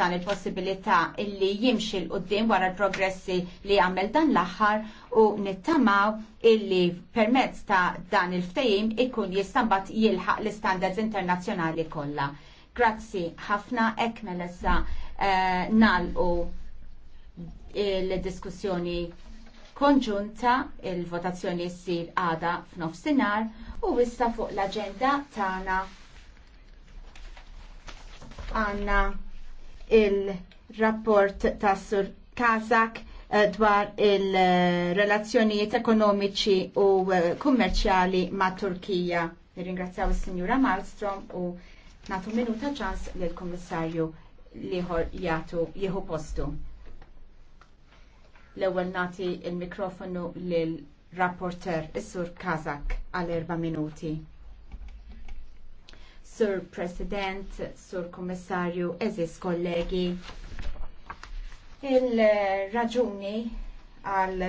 dan il-possibilità illi jimxi l-qoddim wara l-progressi li għamel dan l-aħħar u nittamaw illi permezz ta' dan il ftajim ikun jistambat jilħaq l-standards internazzjonali kollha. Grazzi ħafna ekna mela l-essa eh, u l diskussjoni konġunta il-votazzjoni ssir għada f'nofsinhar u wissa fuq l agenda tagħna għandna il-rapport ta' Sur Kazak eh, dwar il-relazzjonijiet ekonomiċi u eh, kummerċjali ma' Turkija. Nirringrazzjaw il-Sinjura Malmstrom u natu minuta ċans l-Kommissarju liħor jatu jieħu postu. L-ewwel nati il-mikrofonu lil rapporter is-Sur Kazak għal erba' minuti. Sur President, Sur Kommissarju, eżis kollegi. Il-raġuni għal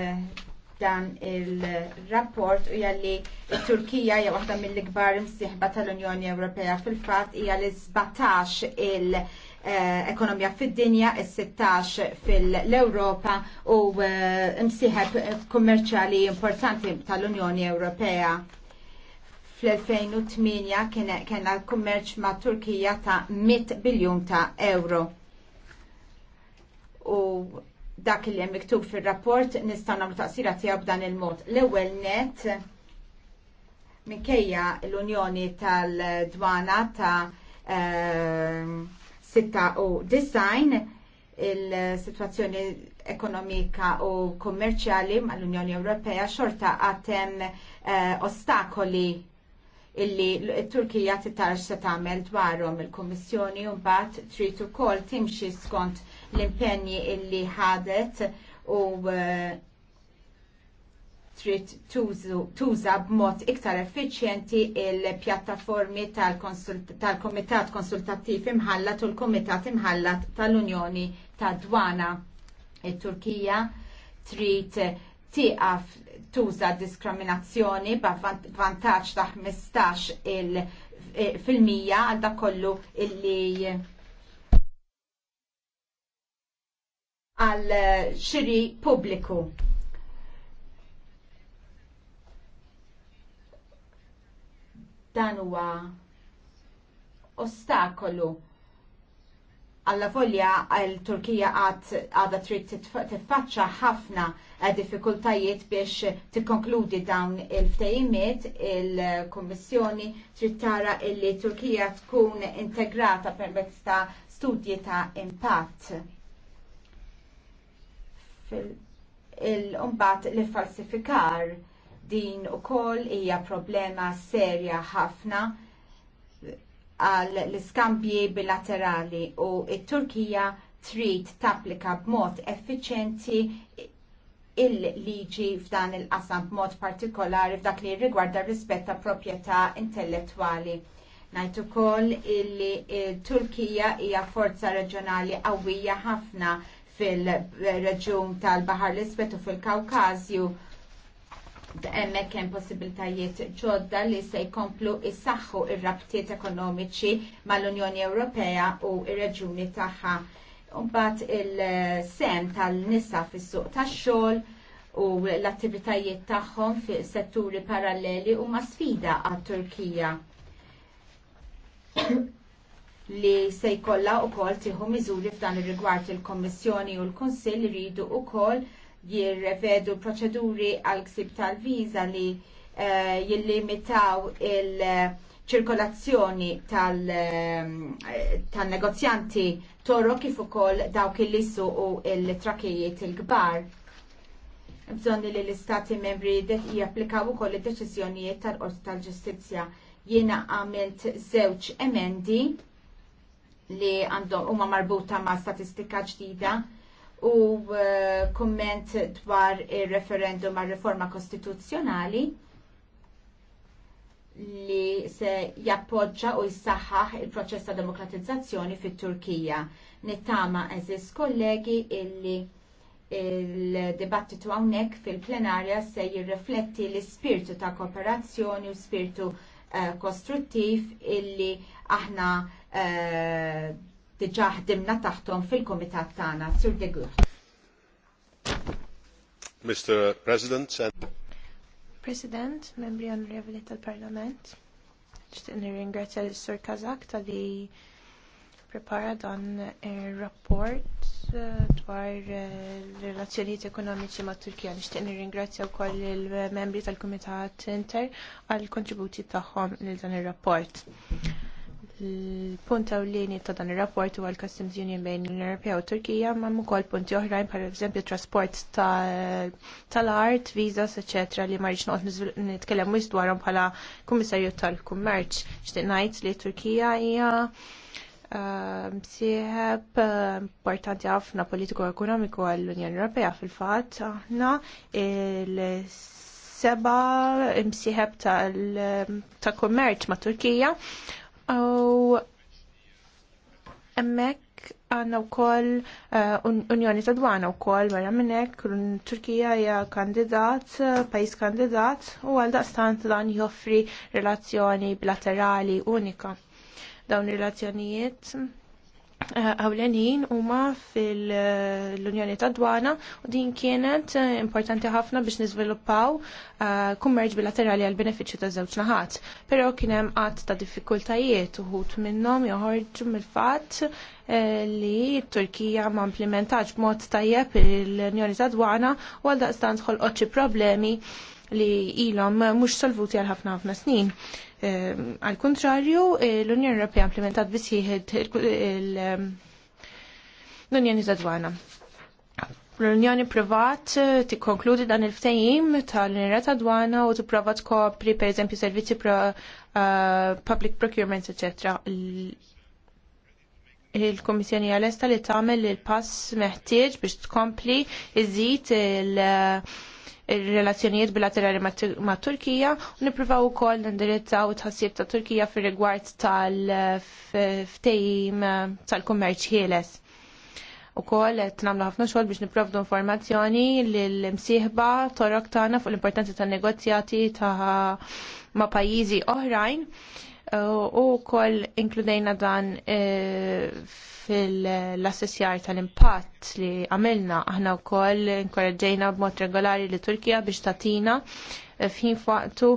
dan il-rapport u jalli Turkija hija waħda mill-ikbar imsieħba tal-Unjoni Ewropea fil-fatt hija l 17 il-ekonomija fid-dinja, il-16 fil-Europa u eh, imsieħeb kummerċjali importanti tal-Unjoni Ewropea fl-2008 kena l-kummerċ ma' Turkija ta' 100 biljun ta' euro. U dak li jem miktub fir-rapport nistgħu nagħmlu taqsira tiegħu b'dan il-mod. L-ewwel net minkejja l-Unjoni tal-Dwana ta' ehm, sitta u design il-situazzjoni ekonomika u kummerċjali mal-Unjoni Ewropea xorta għatem uh, ostakoli illi Turkija titarx se tagħmel dwarhom il-Kummissjoni u mbagħad trid ukoll timxi skont l-impenji illi ħadet u uh, trid tuża b'mod iktar effiċjenti il-pjattaformi tal-Komitat Konsultattiv imħallat u l-Komitat imħallat tal-Unjoni tad-Dwana. Il-Turkija trid tieqaf tuża diskriminazzjoni b'vantaġġ ta' 15 il eh, fil-mija għal dak kollu illi għal eh, xiri pubbliku. Dan huwa ostakolu għalla volja għal Turkija għad għada trid tiffaċċa ħafna diffikultajiet biex tikkonkludi dawn il-ftejimiet il-Kommissjoni trid tara illi Turkija tkun integrata permezz ta' studji ta' impatt. Il-umbat li falsifikar din u koll hija problema serja ħafna għal l-iskambji bilaterali u it-Turkija trid tapplika b'mod effiċenti il-liġi f'dan il-qasam b'mod partikolari f'dak li rigwarda rispett ta' proprjetà intellettwali. Ngħid ukoll illi Turkija hija forza reġjonali qawwija ħafna fil-reġjun tal-Baħar l-Isbet u fil-Kawkazju hemmhekk hemm possibiltajiet ġodda li se jkomplu issaħħu r rabtiet ekonomiċi mal-Unjoni Ewropea u r reġjuni tagħha Umbat il-sem tal-nisa fis-suq tax-xogħol u l-attivitajiet tagħhom fi setturi paralleli huma sfida għat-Turkija li se jkollha wkoll tieħu miżuri f'dan ir-rigward il-Kommissjoni u l-Kunsill iridu wkoll jirrevedu proċeduri għal ksib tal-viża li eh, jillimitaw il- ċirkolazzjoni tal-negozjanti tal ehm, torro kif ukoll dawk il u il-trakijiet il-kbar. Bżonni li l-istati membri japplikaw ukoll id-deċiżjonijiet tal-Qorti tal-Ġustizzja. Jiena għamilt żewġ emendi li għandhom huma marbuta ma' statistika ġdida u eh, komment dwar ir referendum għal riforma kostituzzjonali li se jappoġġa u jissaħħaħ il-proċess ta' demokratizzazzjoni fit-Turkija. Nittama eżis kollegi illi il-dibattitu hawnhekk fil-plenarja se jirrifletti l-ispirtu ta' kooperazzjoni u spirtu uh, kostruttiv illi aħna uh, eh, diġa ħdimna taħtom fil-komitat tagħna. Sur de Mr. President, and President, membri onorevoli tal-Parlament, ġtiq nirringrazzja l-Sur Kazak tal-li prepara dan il-rapport eh, dwar eh, relazzjonijiet ekonomiċi ma' Turkija. Nixtieq nirringrazzja wkoll il-membri tal-Kumitat Inter għall kontributi tagħhom lil dan ir-rapport l-punt ewlieni ta' dan ir-rapport huwa l-Customs Union bejn l-Unjoni Ewropea u Turkija ma' ukoll punti oħrajn bħal eżempju trasport tal-art, visas, eċetera li ma rridx noqgħod nitkellem wis dwarhom bħala Kummissarju tal-Kummerċ. Xtieq ngħid li Turkija hija ehm, msieħeb ehm, importanti ħafna politiku ekonomiku għall-Unjoni Ewropea fil-fatt aħna il-seba msieħeb tal-kummerċ ma' Turkija U emmek għanna u koll eh, Unjoni ta' Dwana u koll barra minnek Turkija hija kandidat, pajis kandidat u għal daqstant dan joffri relazzjoni bilaterali unika. Dawn relazzjonijiet għawlenin huma fil-Unjoni ta' Dwana u din kienet eh, importanti ħafna biex niżviluppaw eh, kummerġ bilaterali għal benefiċċju ta' żewġ naħat. Però kien hemm qatt ta' diffikultajiet għut minnhom joħorġu mill-fatt eh, li t-Turkija ma implementax b'mod tajjeb il-Unjoni ta' Dwana u għal daqstan tħol xi problemi li ilhom mhux solvuti għal ħafna ħafna snin. Ehm, al kontrarju, eh, l-Unjoni Ewropea implementat bisħiħed ehm, l-Unjoni Zadwana. L-Unjoni privat eh, tikkonkludi dan il-ftajim tal-Unjoni Zadwana u tipprova tkopri per eżempju servizzi pro eh, public procurement, eccetera il-Komissjoni għal-esta li tagħmel il-pass meħtieġ biex tkompli iżid il-relazzjonijiet bilaterali ma' Turkija u nippruvaw ukoll nindirizzaw tħassib ta' Turkija fir-rigward tal-ftejim tal-kummerċ ħieles u kol t-namlu ħafna xogħol biex nipprovdu informazzjoni l imsieħba torok tagħna fuq l-importanza tan negozjati ta' ma' pajjiżi oħrajn Eh, u wkoll inkludejna dan eh, fil-assessjar tal-impatt li għamilna aħna wkoll inkoraġġejna b'mod regolari li Turkija biex tatina eh, f'ħin fuqtu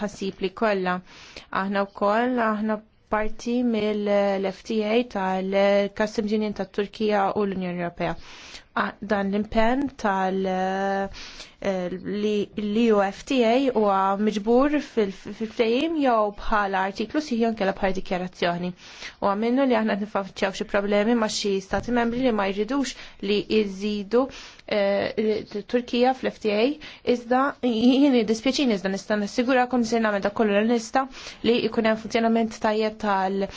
tħassib li kollha. Aħna wkoll aħna parti mill-FTA tal-Customs Union tat Turkija u l-Unjoni Ewropea dan l-impenn tal eh, li UFTA u miġbur fil fejim jew bħala artiklu si jew kella bħala dikjarazzjoni. U għamennu li aħna nifafċaw xie problemi ma' xi stati membri li ma jridux li jżidu eh, Turkija fl-FTA iżda jien dispieċin iżda nista' nissigura se nagħmel dak kollu nista' li jkun hemm funzjonament tajjeb tal-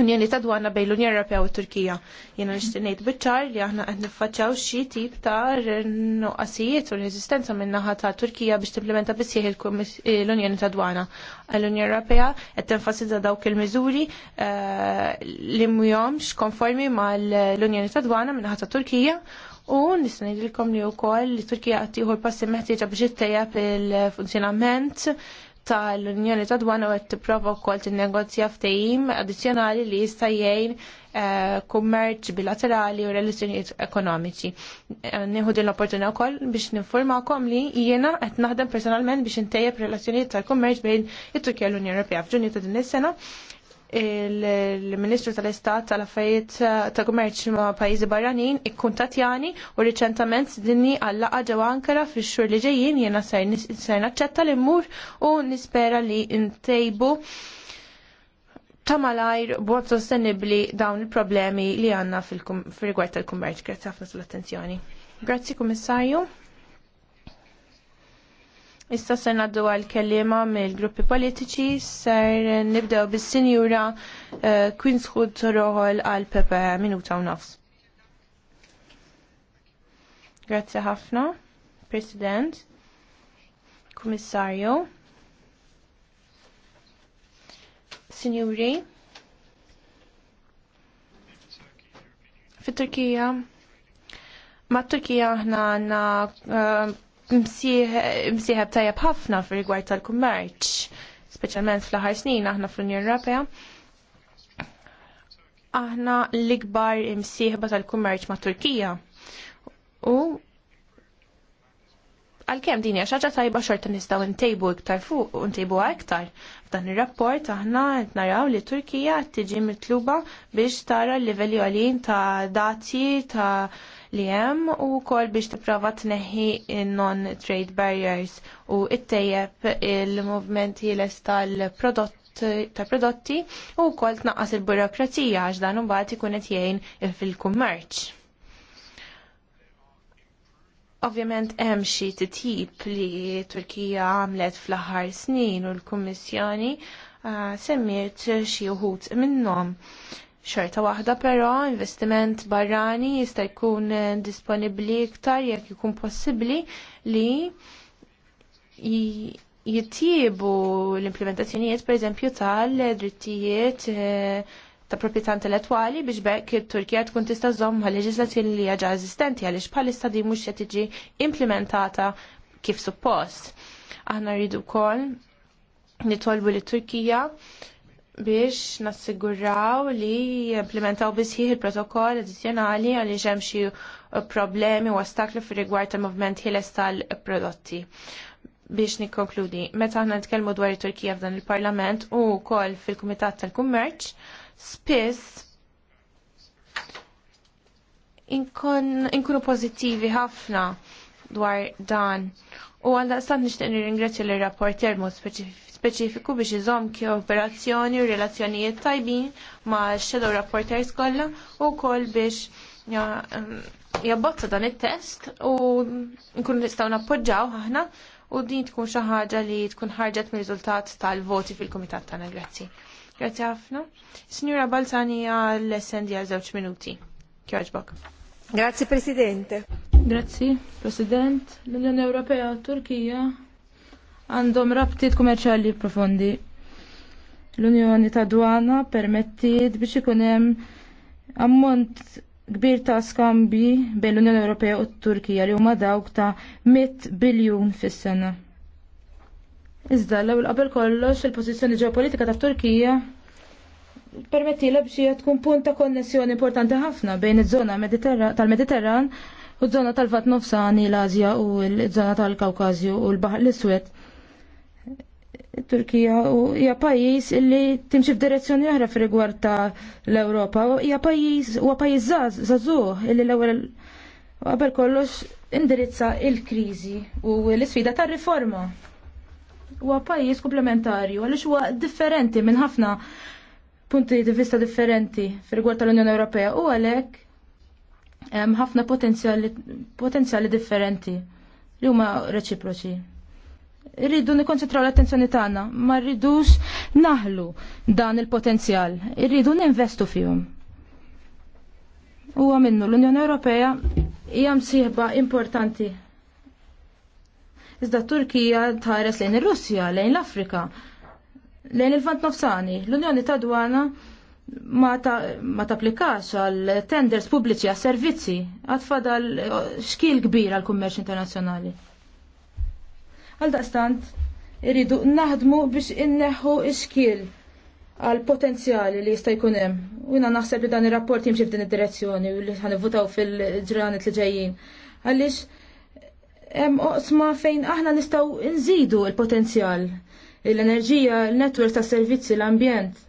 Unjoni ta' dwana bejn l-Unjoni Ewropea u Turkija. Jiena nixtieq ngħid biċ-ċar li aħna qed niffaċċaw xi tip ta' nuqqasijiet u reżistenza min-naħa ta' Turkija biex timplementa bissieħ l-Unjoni ta' dwana. L-Unjoni Ewropea qed tenfasizza dawk il-miżuri eh, li mhumx konformi mal-Unjoni ta' dwana min-naħa ta' Turkija u nista' ngħidilkom li wkoll li Turkija għattiħu tieħu l-passi meħtieġa biex ittejjeb il-funzjonament tal-Unjoni ta' Dwana u għed t-prova kol t-negozja ftejim addizjonali li jista' jgħin eh, kummerċ bilaterali u relazzjonijiet ekonomiċi. Eh, Nihud l-opportunità wkoll biex ninformakom li jiena qed naħdem personalment biex intejjeb relazzjonijiet tal-kummerċ bejn it-Turkija l-Unjoni Ewropea f'Ġunju ta' din is-sena il-Ministru tal-Istat tal-Affarijiet ta' Kummerċ ma' Pajjiżi Barranin Tatjani u riċentament dinni għalla ġew Ankara fix-xhur li ġejjin jiena ser naċċetta li mmur u nispera li ntejbu ta' malajr b'mod sostenibbli dawn il-problemi li għandna fil-rigward tal-kummerċ. Grazzi ħafna sull-attenzjoni. Grazzi Kummissarju. Issa se naddu għal kellima mill-gruppi politiċi ser nibdew bis-sinjura eh, Queen's Hood Roħol għal Pepe minuta u nofs. Grazzi ħafna, President, Kummissarju, Sinjuri, fit-Turkija, ma' Turkija aħna għandna eh, msieħeb tajjeb ħafna fir rigward tal-kummerċ, speċjalment fl-aħħar snin aħna fl-Unjoni Ewropea. Aħna l-ikbar msieħba tal-kummerċ ma' Turkija. U għal-kem din hija xaġa tajba xorta nistgħu ntejbu iktar fuq u tejbu iktar. F'dan ir-rapport aħna qed naraw li Turkija qed tiġi mitluba biex tara l-livelli għalin ta' dati ta' li hemm u wkoll biex tipprova tneħħi non-trade barriers u ttejjeb il-movement ħieles tal-prodott ta' prodotti u wkoll tnaqqas il-burokrazija għax dan imbagħad ikun qed jgħin fil-kummerċ. Ovvjament hemm xi titjib li Turkija għamlet fl-aħħar snin u l-Kummissjoni ah, semmiet xi wħud minnhom. Xorta waħda però investiment barrani jista' jkun eh, disponibbli iktar jekk ikun possibbli li jittiebu l-implementazzjonijiet pereżempju tal-drittijiet eh, ta' proprjetà intellettwali biex bekk it-Turkija tkun tista' żomm ma' leġislazzjoni li ġa eżistenti għaliex bħalissa di mhux qed tiġi implementata kif suppost. Aħna rridu wkoll nitolbu lit Turkija biex nassiguraw li implementaw bisħiħ il-protokoll addizjonali għal hemm xi problemi u ostakli fi rigward tal-movement ħieles tal-prodotti. Biex nikkonkludi, meta aħna nitkellmu dwar it-Turkija f'dan il-Parlament u kol fil-Kumitat tal-Kummerċ, spiss inkunu pożittivi ħafna dwar dan. U għandaqstant nixtieq nirringrazzja l-rapporter mod speċifiku speċifiku biex iżomm kooperazzjoni u relazzjonijiet tajbin ma' shadow rapporters kollha u wkoll biex jabbozza dan it-test u nkunu nistgħu nappoġġaw aħna u din tkun xi ħaġa li tkun ħarġet mir-riżultat tal-voti fil-kumitat tagħna. Grazzi. Grazzi ħafna. Signora Balzani għal essendi għal żewġ minuti. Kjoġbok. Grazzi Presidente. Grazzi, President. L-Unjoni Ewropea Turkija għandhom rabtiet kummerċali profondi. L-Unjoni ta' Dwana permettiet biex ikun hemm ammont kbir ta' skambi bejn l-Unjoni Ewropea u t-Turkija li huma dawk ta' 100 biljun fis-sena. Iżda l-ewwel qabel kollox il-pożizzjoni ġeopolitika ta' Turkija permettila biex tkun punt ta' konnessjoni importanti ħafna bejn iż-żona tal-Mediterran u żona tal-Vat Nofsani l-Azja u l-żona tal-Kawkazju u l-Baħar l-Iswed. Turkija hija pajjiż li timxi f'direzzjoni oħra f'rigward ta' l-Ewropa. Hija pajjiż huwa pajjiż żgħaż żagħżugħ illi l-ewwel qabel kollox indirizza l-kriżi u l-isfida tar-riforma. Huwa pajjiż komplementarju għaliex huwa differenti minn ħafna punti di vista differenti f'rigward tal-Unjoni Ewropea u għalhekk hemm ħafna potenzjali differenti li huma reċiproċi. Irridu nikkonċentraw l-attenzjoni tagħna, ma rridux naħlu dan il-potenzjal, irridu ninvestu fihom. Huwa minnu l-Unjoni Ewropea hija msieħba importanti. Iżda Turkija tħares lejn ir-Russja, lejn l-Afrika, lejn il-Vant Nofsani, l-Unjoni ta' Dwana ma, ta, ma tapplikax għal tenders pubbliċi għas servizzi għad fadal xkil kbir għal kummerċ internazzjonali. Għal daqstant, irridu naħdmu biex inneħu iskil għal potenzjali li jista' jkun hemm. U jiena naħseb li dan ir-rapport jimxi f'din id-direzzjoni u li ħanivvutaw fil-ġranet li ġejjin. Għaliex hemm oqsma fejn aħna nistgħu nżidu l-potenzjal l-enerġija, l-network ta' servizzi, l-ambjent,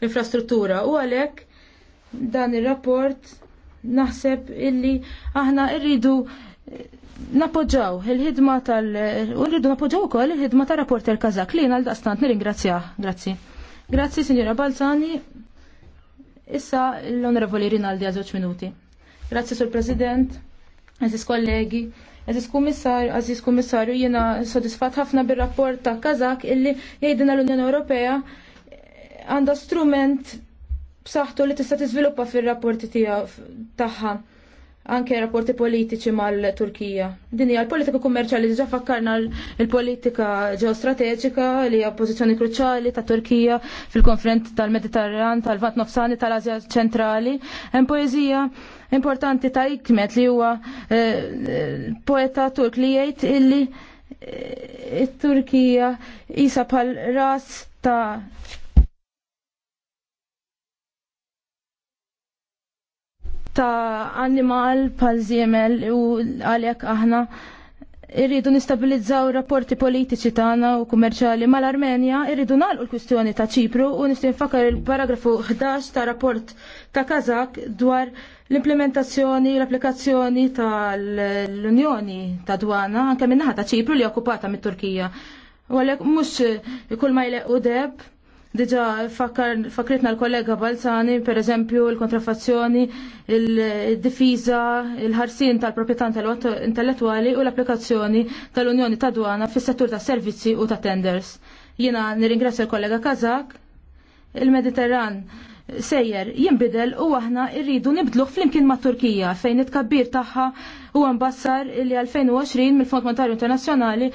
l-infrastruttura. U għalhekk dan ir rapport naħseb illi aħna rridu napoġġaw il-ħidma tal- u rridu napoġġaw ukoll il-ħidma tar rapporter Kazak li għal daqstant nirringrazzjah. Grazzi. Grazzi, Signora Balzani. Issa l-Onorevoli Rinaldi għal żewġ minuti. Grazzi, Sur President, eżis kollegi, Aziz kummissar, Aziz kummissarju, jiena sodisfat ħafna bir-rapport ta' Kazak illi jgħidina l-Unjoni Ewropea għandha strument b'saħħtu li tista' tiżviluppa fir-rapporti tiegħu tagħha anke rapporti politiċi mal-Turkija. Din hija l-politika kummerċjali diġà fakkarna l-politika ġeostrateġika li hija pożizzjoni kruċjali ta' Turkija fil-konfront tal-Mediterran, tal-Vant Nofsani, tal-Asja ċentrali. Hemm poeżija importanti ta' Ikmet li huwa eh, poeta Turk li jgħid illi it-Turkija eh, isa pal ras ta' ta' animal pal ziemel u għalek aħna irridu nistabilizzaw rapporti politiċi tagħna u kummerċali mal-Armenja, irridu nagħlqu l-kwistjoni ta' Ċipru u nistgħu nfakkar il-paragrafu 11 ta' rapport ta' Kazak dwar l-implementazzjoni u l-applikazzjoni tal-Unjoni ta' Dwana anke minnaħa ta' Ċipru li okkupata mit-Turkija. U għalhekk mhux kull ma jlequ deb Diġa fakritna l-kollega Balzani, per eżempju, l kontrafazzjoni il-difiża, il-ħarsin tal-proprjetà intellettuali u l-applikazzjoni tal-Unjoni ta' Dwana fis-settur ta' servizzi u ta' tenders. Jiena nirringrazzja l-kollega Kazak, il-Mediterran sejjer jinbidel u aħna irridu nibdluħ flimkien ma' Turkija fejn it-kabbir tagħha u mbassar li 2020 mill-Fond Monetarju Internazzjonali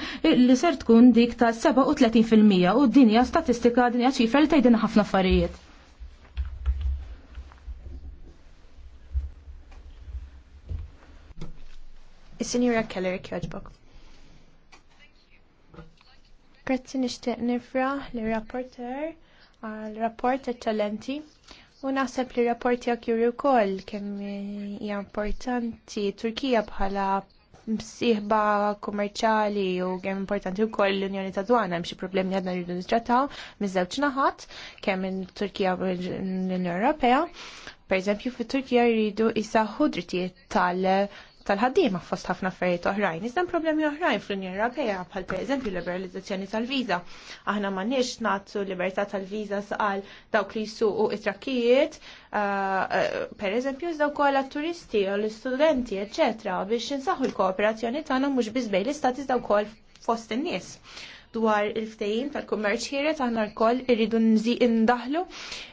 li ser tkun dik ta' 37% u dinja statistika dinja ċifra li tgħidilna ħafna affarijiet. Is-Sinjura Keller kjoġbok. Grazzi nixtieq nifra li rapporter għal rapport eċċellenti. u naħseb li rapport jak juri wkoll kemm hija importanti Turkija bħala msiħba kummerċali u kemm importanti wkoll l-Unjoni ta' Dwana hemm xi problemi għadna rridu nittrattaw miż-żewġ naħat kemm in Turkija u l-Unjoni Europea. Per eżempju, fit-Turkija jridu jisaħħu drittijiet tal tal-ħaddiema fost ħafna affarijiet oħrajn. Iżda problemi oħrajn fl-Unjoni Ewropea bħal pereżempju liberalizzazzjoni tal-viża. Aħna m'għandniex nagħtu libertà tal-viża għal dawk li jsuqu it-trakkijiet, uh, uh, pereżempju iżda wkoll għat-turisti u l-istudenti, eċċetera, biex insaħħu l-kooperazzjoni tagħna mhux biss bejn l-istat iżda wkoll fost in-nies dwar il-ftejim tal-kummerċ ħiret aħna l-koll irridu ndaħlu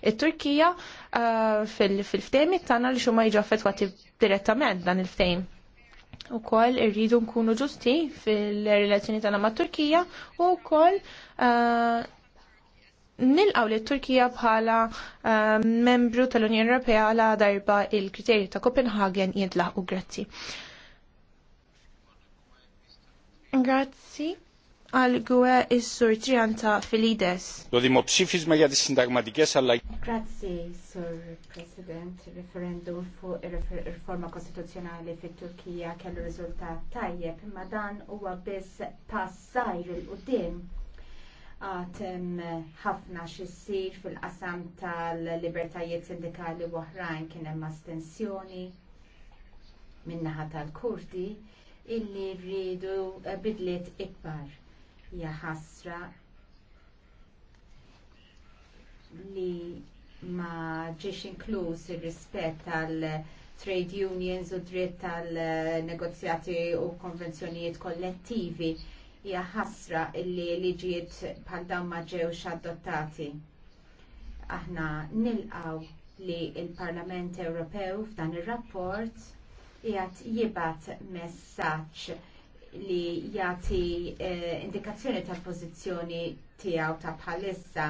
it turkija uh, fil-ftejmi tagħna li xumma jiġu affettwati direttament dan il-ftejim u kol irridu nkunu ġusti fil-relazzjoni tagħna ma' Turkija u kol uh, eh, nilqaw li Turkija bħala eh, membru tal-Unjoni Ewropea la darba il-kriterji ta' Copenhagen u grazzi. Grazzi għal gwe is-sur Trianta Filides. Το δημοψήφισμα για sindagmatikes συνταγματικές Grazie, Sur President. Referendum fuq riforma kostituzzjonali fit-Turkija kellu riżultat tajjeb, imma dan huwa biss passajr il qudiem għatem ħafna xissir fil-qasam tal-libertajiet sindikali u oħrajn kien hemm astensjoni min-naħa tal-Kurdi illi rridu bidliet ikbar hija ħasra li ma ġiex inkluż ir-rispett tal trade unions u dritt tal negozjati u konvenzjonijiet kollettivi hija ħasra li liġijiet bħal dawn ma ġewx adottati. Aħna nilqaw li l parlament Ewropew f'dan ir-rapport jgħat jibat messaġġ li jati eh, indikazzjoni tal-pozizjoni tiegħu ta' bħalissa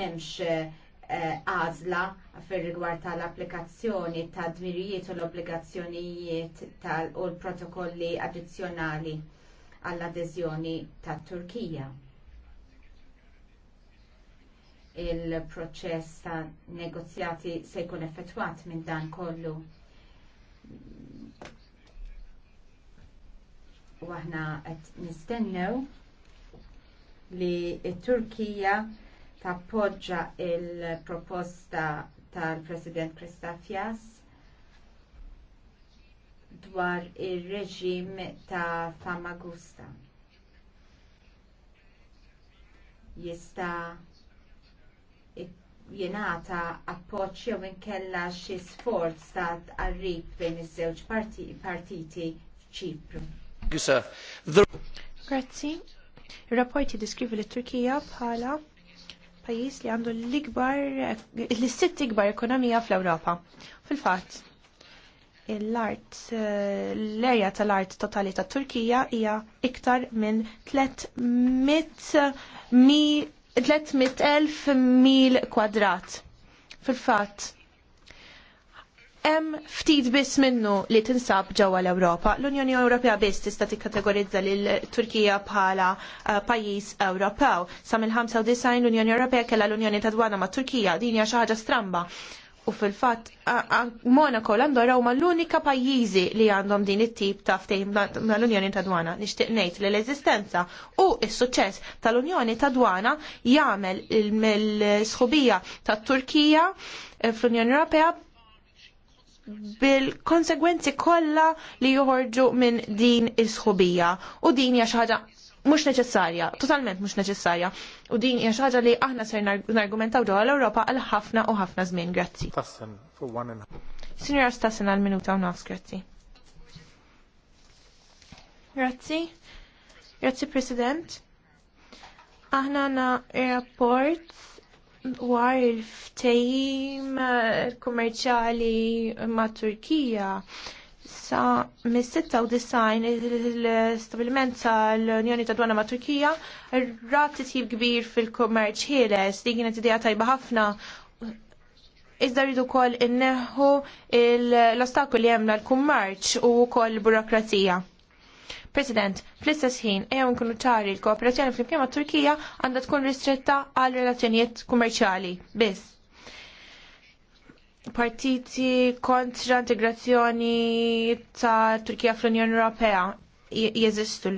memx eh, għazla fil rigward tal-applikazzjoni ta' dmirijiet u l-obbligazzjonijiet u l-protokolli addizzjonali għall adezjoni tat Turkija. Il-proċess ta' negozjati se jkun effettwat minn dan kollu u aħna qed nistennew li t-Turkija tappoġġa il-proposta tal-President Kristafjas dwar ir-reġim ta' Famagusta. Jista' jenata appoġġ jew inkella xi sforz ta' qarrib bejn iż-żewġ partiti f'Ċipru. Grazzi. Il-rapport jiddeskrivi li Turkija bħala pajjiż li għandu l-ikbar, sitt ikbar ekonomija fl-Ewropa. Fil-fatt, l-art, l-erja tal-art totali ta' Turkija hija iktar minn 300.000 mil kwadrat. Fil-fatt, hemm ftit biss minnu li tinsab ġewwa l-Ewropa. L-Unjoni Ewropea biss tista' tikkategorizza lil Turkija bħala eh, pajjiż Ewropew. Sa mill-95 l-Unjoni Ewropea kellha l-Unjoni ta' dwana mat Turkija din hija xi ħaġa stramba. U fil-fatt Monaco l-Andorra huma l-unika pajjiżi li għandhom din it-tip ta' ftehim mal-Unjoni ta' Dwana. Nixtieq ngħid li l-eżistenza u s-suċċess tal-Unjoni ta' Dwana jagħmel mill sħubija tat Turkija eh, fl-Unjoni Ewropea bil-konsegwenzi kollha li joħorġu minn din is-sħubija u din hija xi ħaġa mhux neċessarja, totalment mhux neċessarja. U din hija xi ħaġa li aħna ser nargumentaw ġewwa l-Ewropa għal ħafna u ħafna żmien, grazzi. Sinjora Stassen għal minuta u nofs, grazzi. Grazzi. Grazzi President. Aħna għandna rapport dwar il ftejim eh, kummerċali ma' Turkija sa mis-96 l-stabilment tal-Unjoni ta' Dwana ma' Turkija rrat titjib kbir fil-kummerċ ħieles li kienet idea tajba ħafna Iżda rridu kol inneħu l-ostakoli jemna l-kummerċ u kol burokrazija. President, fl-istess ħin, eja nkunu ċari l-kooperazzjoni fl-imkien Turkija għandha tkun ristretta għal relazzjonijiet kummerċjali biss. Partiti kontra integrazzjoni ta' Turkija fl-Unjoni Ewropea jeżistu.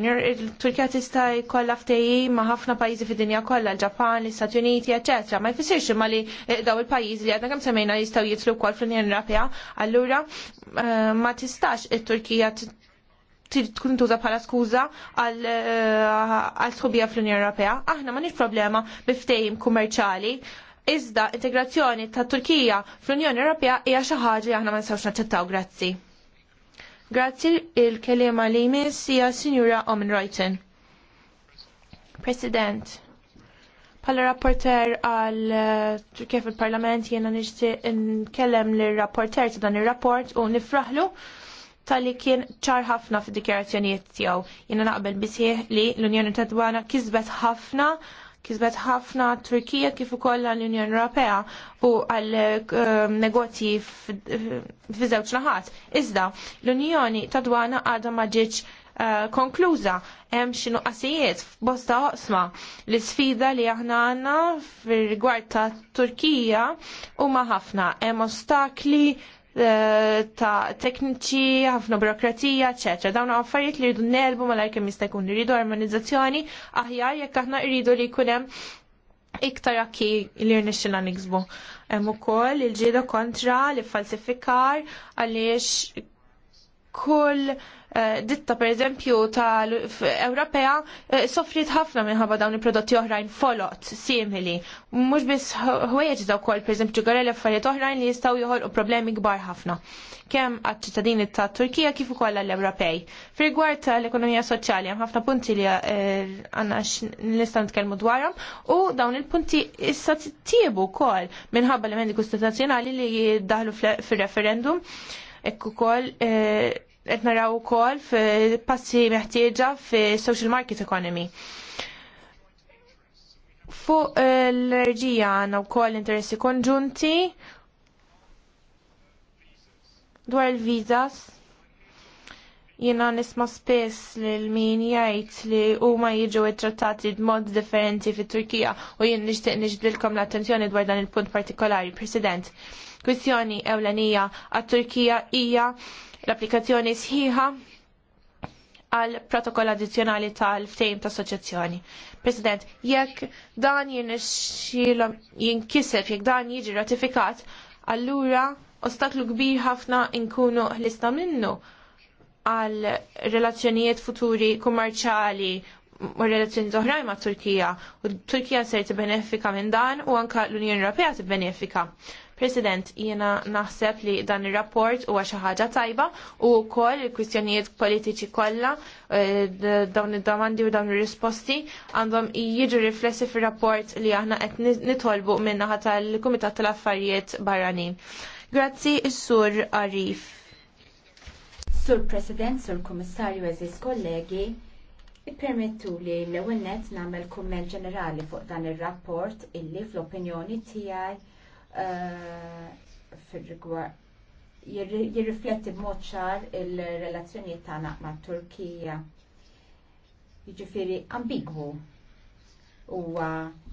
Turkija tista' jkollha ftehim ma' ħafna pajjiżi fid-dinja kollha, l-Ġapan, l-Istati Uniti, eċetera. Ma jfissirx imma li eh, daw il-pajjiżi li għadna kemm semmejna jistgħu jitlu wkoll fl-Unjoni Ewropea, allura eh, ma tistax it-Turkija tkun tuża bħala skuża eh, għal sħubija fl-Unjoni Ewropea. Aħna ma problema biftejm kummerċali. Iżda integrazzjoni ta' Turkija fl-Unjoni Ewropea hija xi ħaġa li aħna ma nistgħux naċċettaw grazzi. Grazzi il-kelima li jmiss hija Sinjura Omen Reuten. President, Pala rapporter għal Turkija eh, il-Parlament jena nixti nkellem l-rapporter ta' dan il-rapport u nifraħlu tal-li kien ċar ħafna fid-dikjarazzjonijiet tiegħu. Jiena naqbel bisieħ li l-Unjoni Tadwana kisbet ħafna kisbet ħafna Turkija kif ukoll l-Unjoni Ewropea u għal ehm, negozji fi żewġ naħat. Iżda l-Unjoni Tadwana għadha ma ġietx eh, konkluża hemm xi nuqqasijiet f'bosta oqsma l isfida li aħna għandna fir-rigward ta' Turkija huma ħafna hemm ostakli Eh, ta' tekniċi, ħafna burokratija, eċetera. Dawn affarijiet li rridu nelbu malajr kemm jista' jkun irridu armonizzazzjoni aħjar jekk aħna rridu li jkun hemm iktar akki li rnexxilna niksbu. Hemm ukoll il-ġieda kontra li falsifikar għaliex kull eh, ditta per eżempju tal Ewropea eh, soffrit ħafna minħabba dawn il-prodotti oħrajn folot simili. Mhux biss ħwejġ daw kol per eżempju ġugarel affarijiet oħrajn li jistgħu joħolqu problemi kbar ħafna. Kemm għad ċittadini ta' Turkija kif ukoll għall-Ewropej. fir tal-ekonomija soċjali hemm ħafna punti li eh, nistan t-kelmu dwarhom u dawn il-punti issa t-tibu wkoll minħabba l-emendi kostituzzjonali li jiddaħlu fir-referendum. Ekk ukoll eh, qed naraw ukoll f'passi meħtieġa fis-social market economy. Fuq eh, l-enerġija għandna wkoll interessi konġunti dwar il-vizas jiena nisma spess lil min jgħid li huma jiġu ittrattati b'mod differenti fit-Turkija u jien nixtieq niġbdilkom l-attenzjoni dwar dan il-punt partikolari, President. Kwistjoni ewlenija għat-Turkija hija l-applikazzjoni sħiħa għal protokoll addizzjonali tal-ftejm ta' soċjazzjoni. President, jekk dan jinkiseb, jekk dan jiġi ratifikat, allura ostaklu kbir ħafna inkunu ħlista minnu għal relazzjonijiet futuri kummerċali u relazzjoni oħrajn ma' Turkija. U Turkija ser tibbenefika minn dan u anka l-Unjoni Ewropea tibbenefika. President, jiena naħseb li dan ir-rapport huwa xi ħaġa tajba u wkoll il-kwistjonijiet politiċi kollha eh, dawn id-domandi u dawn ir-risposti għandhom jiġu riflessi fir-rapport li aħna qed nitolbu min-naħa tal-Kumitat tal-Affarijiet Barranin. Grazzi sur Arif. Sur President, Sur Kummissarju Eżis kollegi, Ippermettu li l-ewwel nett nagħmel kumment ġenerali fuq dan ir-rapport illi fl-opinjoni tiegħi Eh, fil jirrifletti b'mod ċar il-relazzjonijiet tagħna ma' Turkija. Jiġifieri ambigwu huwa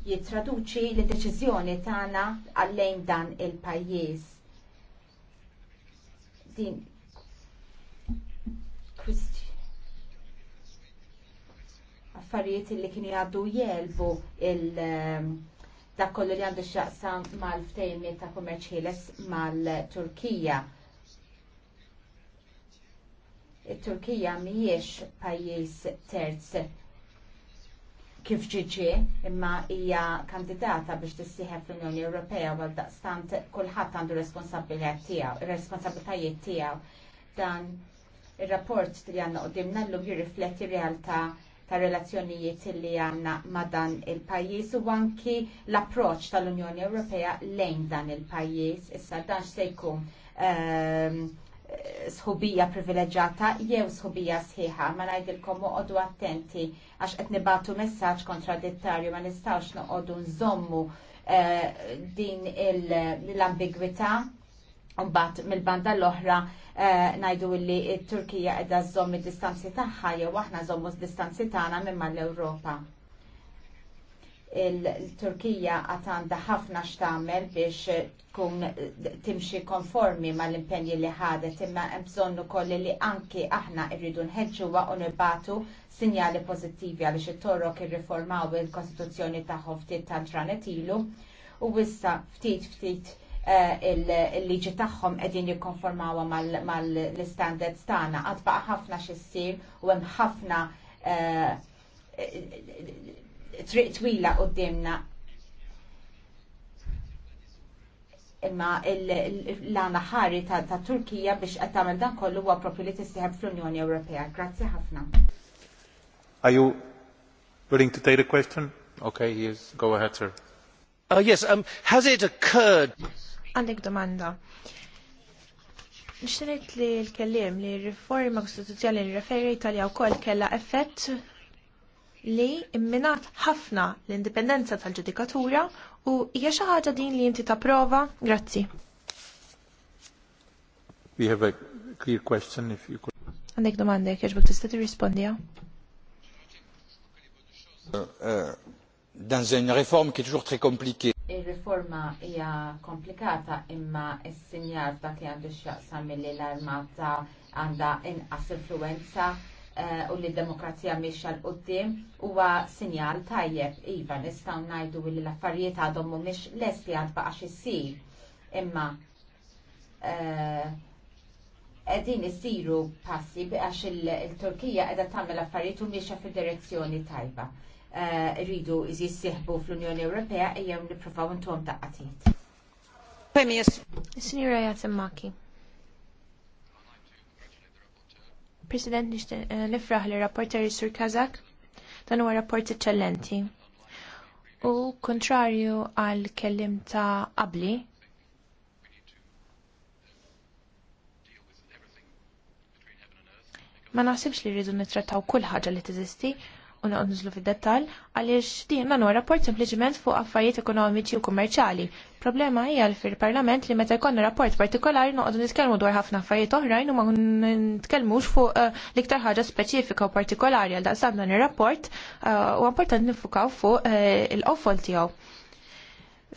jittraduċi l-deċiżjoni tagħna għallejn dan il-pajjiż. Din affarijiet li kienu jgħaddu jelbu il- dak kollu li għandu xaqsam mal ftejmi ta' kummerċħiles mal-Turkija. Il-Turkija mhijiex pajjiż terz kif ġiġi imma hija kandidata biex tissieħeb fl-Unjoni Ewropea għal daqstant kulħadd għandu responsabilitajiet tiegħu, responsabilitajiet tiegħu dan ir-rapport li għandna qudiemna llum jirrifletti realtà ta' relazzjonijiet li għanna ma' dan il-pajis u anki l-approċ tal-Unjoni Ewropea lejn dan il-pajis. Issa dan se jkun ehm, sħubija privileġġata jew sħubija sħiħa. Ma ngħidilkom oqogħdu attenti għax qed nibatu messaġġ kontradittarju ma nistawx noqogħdu nżommu eh, din l-ambigwità Umbat mill-banda l-oħra eh, najdu illi turkija edha zom id-distanzi tagħha jew aħna zommu distanzi tagħna minn mal europa Il-Turkija għad għandha ħafna x'tamel biex tkun timxi konformi mal-impenji li ħadet imma hemm bżonn ukoll li anki aħna rridu nħeġġuha u nibatu sinjali pożittivi għaliex it-torok irriformaw il-Kostituzzjoni tagħhom ftit tal Tranet ilu u issa ftit ftit Eh, il-liġi tagħhom qegħdin jikonformawa mal-standards tagħna. Qatt baqa' ħafna x'issir u hemm ħafna eh, triq twila qudiemna imma l-għana ħari ta' Turkija biex qed tagħmel dan kollu huwa propju li tissieħeb fl-Unjoni Ewropea. Grazzi ħafna. Are you willing to take a question? Okay, yes, go ahead, sir. Uh, yes, um, has it occurred? għandek domanda. Nixteret li l-kellim li riforma kostituzjali li referi Italja u koll kella effett li imminat ħafna l-indipendenza tal-ġudikatura u hija xi ħaġa din li inti tapprova. Grazzi. We have a clear question if you could. Għandek domanda domandek, jaġbuk tista' tirrispondija. Euh, euh, dans une réforme qui est toujours très compliquée. Il-riforma hija komplikata imma s-sinjar ta' li għandu x'jaqsam milli l-armata għandha inqas influenza eh, u li l demokrazija miex għal qoddim huwa sinjal tajjeb iva nistgħu ngħidu li l-affarijiet għadhom mhumiex li għad baqax issir imma eh, qegħdin isiru passi biex il-Turkija qiegħda tagħmel affarijiet u miexa fid-direzzjoni tajba. Eh, rridu jissieħbu fl-Unjoni Ewropea ejjew nippruvaw intom daqqatiet. Premies. Signora Jazzemmaki. President, eh, nifraħ li rapporter Sur Kazak dan huwa rapport eċċellenti. U kontrarju għal kellim ta' qabli, ma naħsibx li rridu nittrattaw kull ħaġa li tiżisti, u naqnżlu fid-dettall għaliex din ma rapport sempliċement fuq affarijiet ekonomiċi u kummerċali. Problema hija li fil-Parlament li meta jkollna rapport partikolari noqogħdu nitkellmu dwar ħafna affarijiet oħrajn u ma nitkellmux fuq eh, l-iktar ħaġa speċifika u partikolari għal daqsam dan ir-rapport eh, u importanti nifukaw fuq eh, il-qofol tiegħu.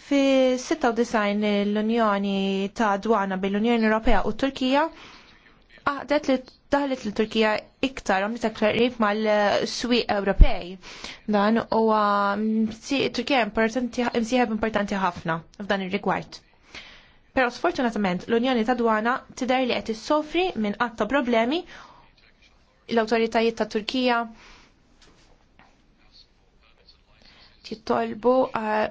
Fi 96 l-Unjoni ta' Dwana bil-Unjoni Ewropea u Turkija għadet li daħlet l Turkija iktar għamli taktar mal swi Ewropej. Dan u Turkija imsieħeb importanti ħafna f'dan ir-rigward. Pero sfortunatament l-Unjoni ta' Dwana tidher li qed issofri minn qatta problemi l-awtoritajiet ta' Turkija jittolbu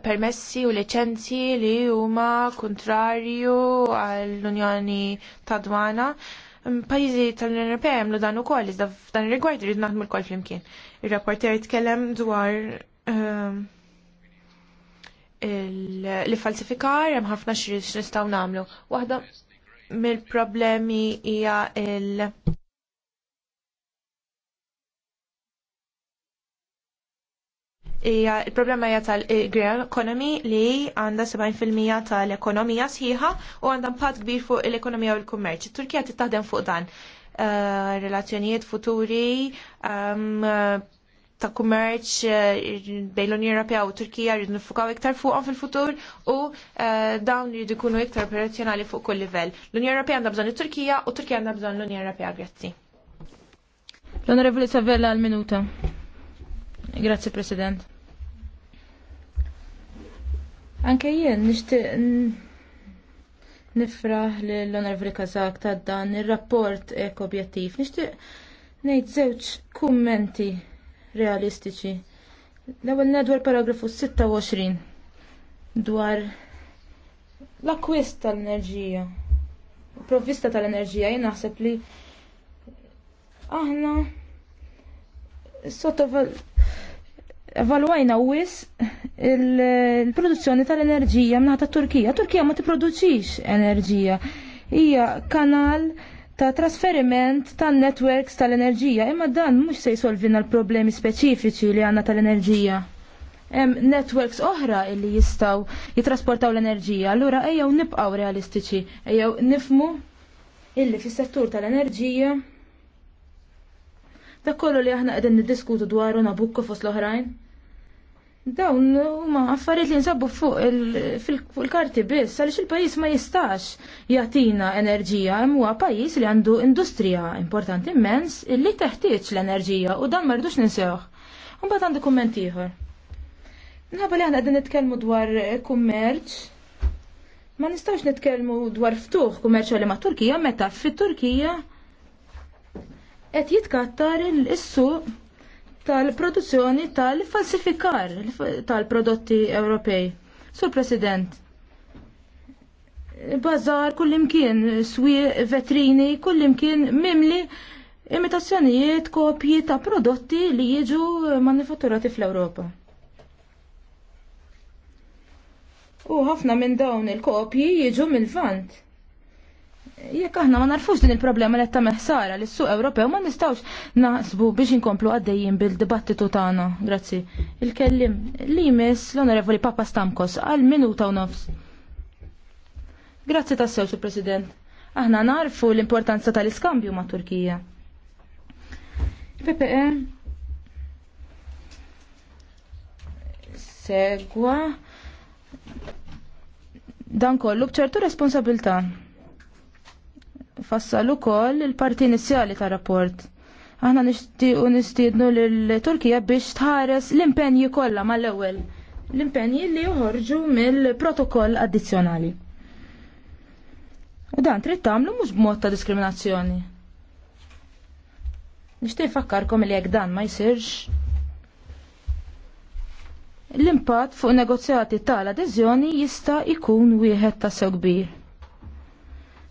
permessi u licenzi li huma kontrarju għall-Unjoni ta' Dwana Mm, pajjiżi tal-Unjoni Ewropea jagħmlu dan ukoll iżda f'dan ir-rigward irid naħdmu lkoll flimkien. Ir-rapporter tkellem dwar ehm, l-falsifikar hemm ħafna xi nistgħu nagħmlu. Waħda mill-problemi hija il- il-problema hija tal-green economy li għandha 70% tal-ekonomija sħiħa u għandha impatt kbir fuq l-ekonomija u l-kummerċ. Turkija titaħdem fuq dan uh, relazzjonijiet futuri um, ta' kummerċ uh, bejn l-Unjoni Ewropea u Turkija rridu nifukaw iktar fuqhom fil-futur u uh, dawn jridu jkunu iktar operazzjonali fuq kull livell. L-Unjoni Ewropea għandha bżonn it-Turkija u Turkija għandha bżonn l-Unjoni Ewropea. Grazzi. L-Onorevoli Savella għal-minuta. Grazzi President. Anke jien nixtieq nifraħ l-Onorevoli Kazak ta' dan ir-rapport ek objettiv. Nixtieq ngħid żewġ kummenti realistiċi. L-ewwel nedwar paragrafu 26 dwar l-akwist tal-enerġija. Provvista tal-enerġija jien naħseb li aħna sottoval evalwajna wis il-produzzjoni tal-enerġija mnaħta Turkija. Turkija ma tipproduċix enerġija. Hija kanal ta' trasferiment tan networks tal-enerġija, imma dan mhux se jsolvina l-problemi speċifiċi li għandna tal-enerġija. Hemm networks oħra li jistgħu jitrasportaw l-enerġija, allura ejjew nibqgħu realistiċi, ejjew nifmu illi fis-settur tal-enerġija Da kollu li aħna qegħdin niddiskutu dwaru Nabucco fost l-oħrajn. Dawn huma affarijiet li nsabu fuq il-karti biss għaliex il-pajjiż ma jistax jagħtina enerġija hemm huwa pajjiż li għandu industrija importanti immens li teħtieġ l-enerġija u dan ma rridux ninsewh. Mbagħad għandu kumment ieħor. Nħabba li aħna għadin nitkellmu dwar kummerċ. Ma nistawx nitkelmu dwar ftuħ kummerċ li ma' Turkija, meta fit Turkija qed jitkattar il-suq tal-produzzjoni tal-falsifikar tal-prodotti Ewropej. Sur President, bazar kullimkien, swi vetrini kullimkien mimli imitazzjonijiet, kopji ta' prodotti li jiġu manifatturati fl-Ewropa. U ħafna minn dawn il-kopji jiġu mill-vant. Jekk aħna ma narfux din il-problema li qed meħsara s suq Ewropew ma nistgħux naħsbu biex inkomplu għaddejjin bil-dibattitu tagħna. Grazzi. Il-kellim li jmiss l-Onorevoli Papa Stamkos għal minuta u nofs. Grazzi tassew, Sur President. Aħna narfu l-importanza tal-iskambju ma' Turkija. PPE eh? segwa dan kollu bċertu responsabilta' fassal ukoll il-parti inizjali ta' rapport. Aħna nixtiequ nistiednu lill-Turkija biex tħares l-impenji kollha mal-ewwel l-impenji li joħorġu mill-protokoll addizzjonali. U dan trid tagħmlu mhux b'mod ta' diskriminazzjoni. Nixtieq fakkarkom li jekk dan ma jsirx, l-impatt fuq negozjati tal-adeżjoni jista' jkun wieħed ta' sew kbir.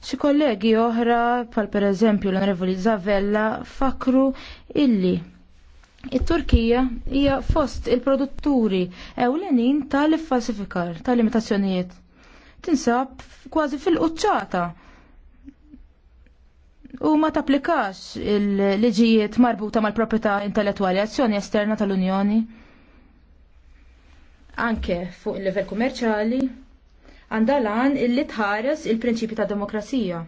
Xi kollegi oħra, pal per eżempju l-Onorevoli Zavella, fakru illi it-Turkija hija fost il-produtturi ewlenin tal-iffalsifikar tal-imitazzjonijiet. Tinsab kważi fil-quċċata u ma tapplikax il-liġijiet marbuta mal-proprietà intellettwali azzjoni esterna tal-Unjoni anke fuq il-level kummerċali għandalan illi tħares il-prinċipi ta' demokrazija.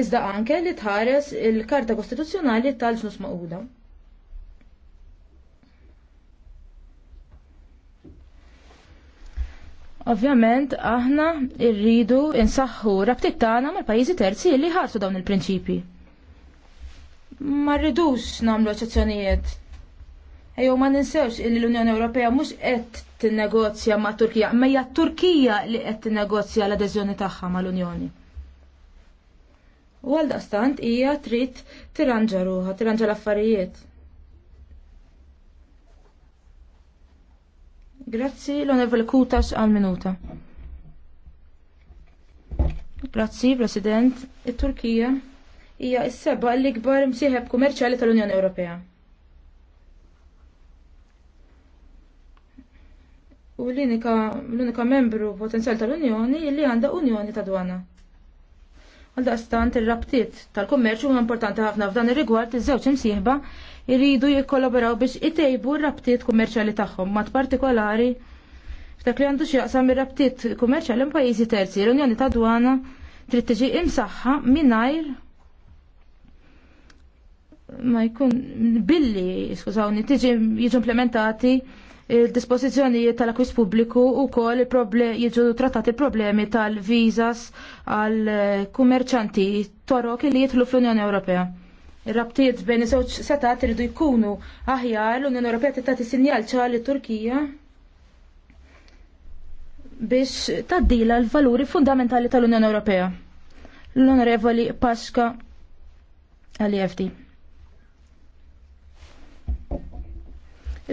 Iżda anke li tħares il-Karta Kostituzzjonali tal-ġnus Maquda. Ovvjament, aħna irridu insaħħu rabtiet tagħna mal-pajjiżi terzi li ħarsu dawn il-prinċipi. Ma rridux nagħmlu eċċezzjonijiet Ejo ma ninsewx li l-Unjoni Ewropea mhux qed tinnegozja ma' Turkija, ma hija Turkija li qed tinnegozja l-adeżjoni tagħha mal-Unjoni. U għaldaqstant hija trid tiranġa ruha, tiranġa l-affarijiet. Grazzi, l-onorevole Kutax għal minuta. Grazzi, President. Il-Turkija hija s-seba l-ikbar msieħeb kummerċjali tal-Unjoni Ewropea. u l-unika membru potenzjal tal-Unjoni li għandha Unjoni ta' dwana. Għaldaqstant ir-rabtiet tal kummerċu huma importanti ħafna f'dan ir-rigward iż-żewġ imsieħba jridu jikkollaboraw biex itejbu r-rabtiet kummerċjali tagħhom mat partikolari f'dak li għandu x'jaqsam ir-rabtiet kummerċjali ma' pajjiżi terzi. L-Unjoni ta' dwana trid tiġi imsaħħa mingħajr ma jkun billi, skużawni, tiġi jiġu implementati il-dispożizzjonijiet tal-akwis pubbliku u kol jiġu trattati problemi tal-vizas għal kummerċanti torok li jitlu fl-Unjoni Ewropea. Ir-rabtiet bejn iż-żewġ setat iridu jkunu aħjar l-Unjoni Ewropea tagħti sinjal ċar Turkija biex taddila l-valuri fundamentali tal-Unjoni Ewropea. L-Onorevoli Paxka għal-EFD.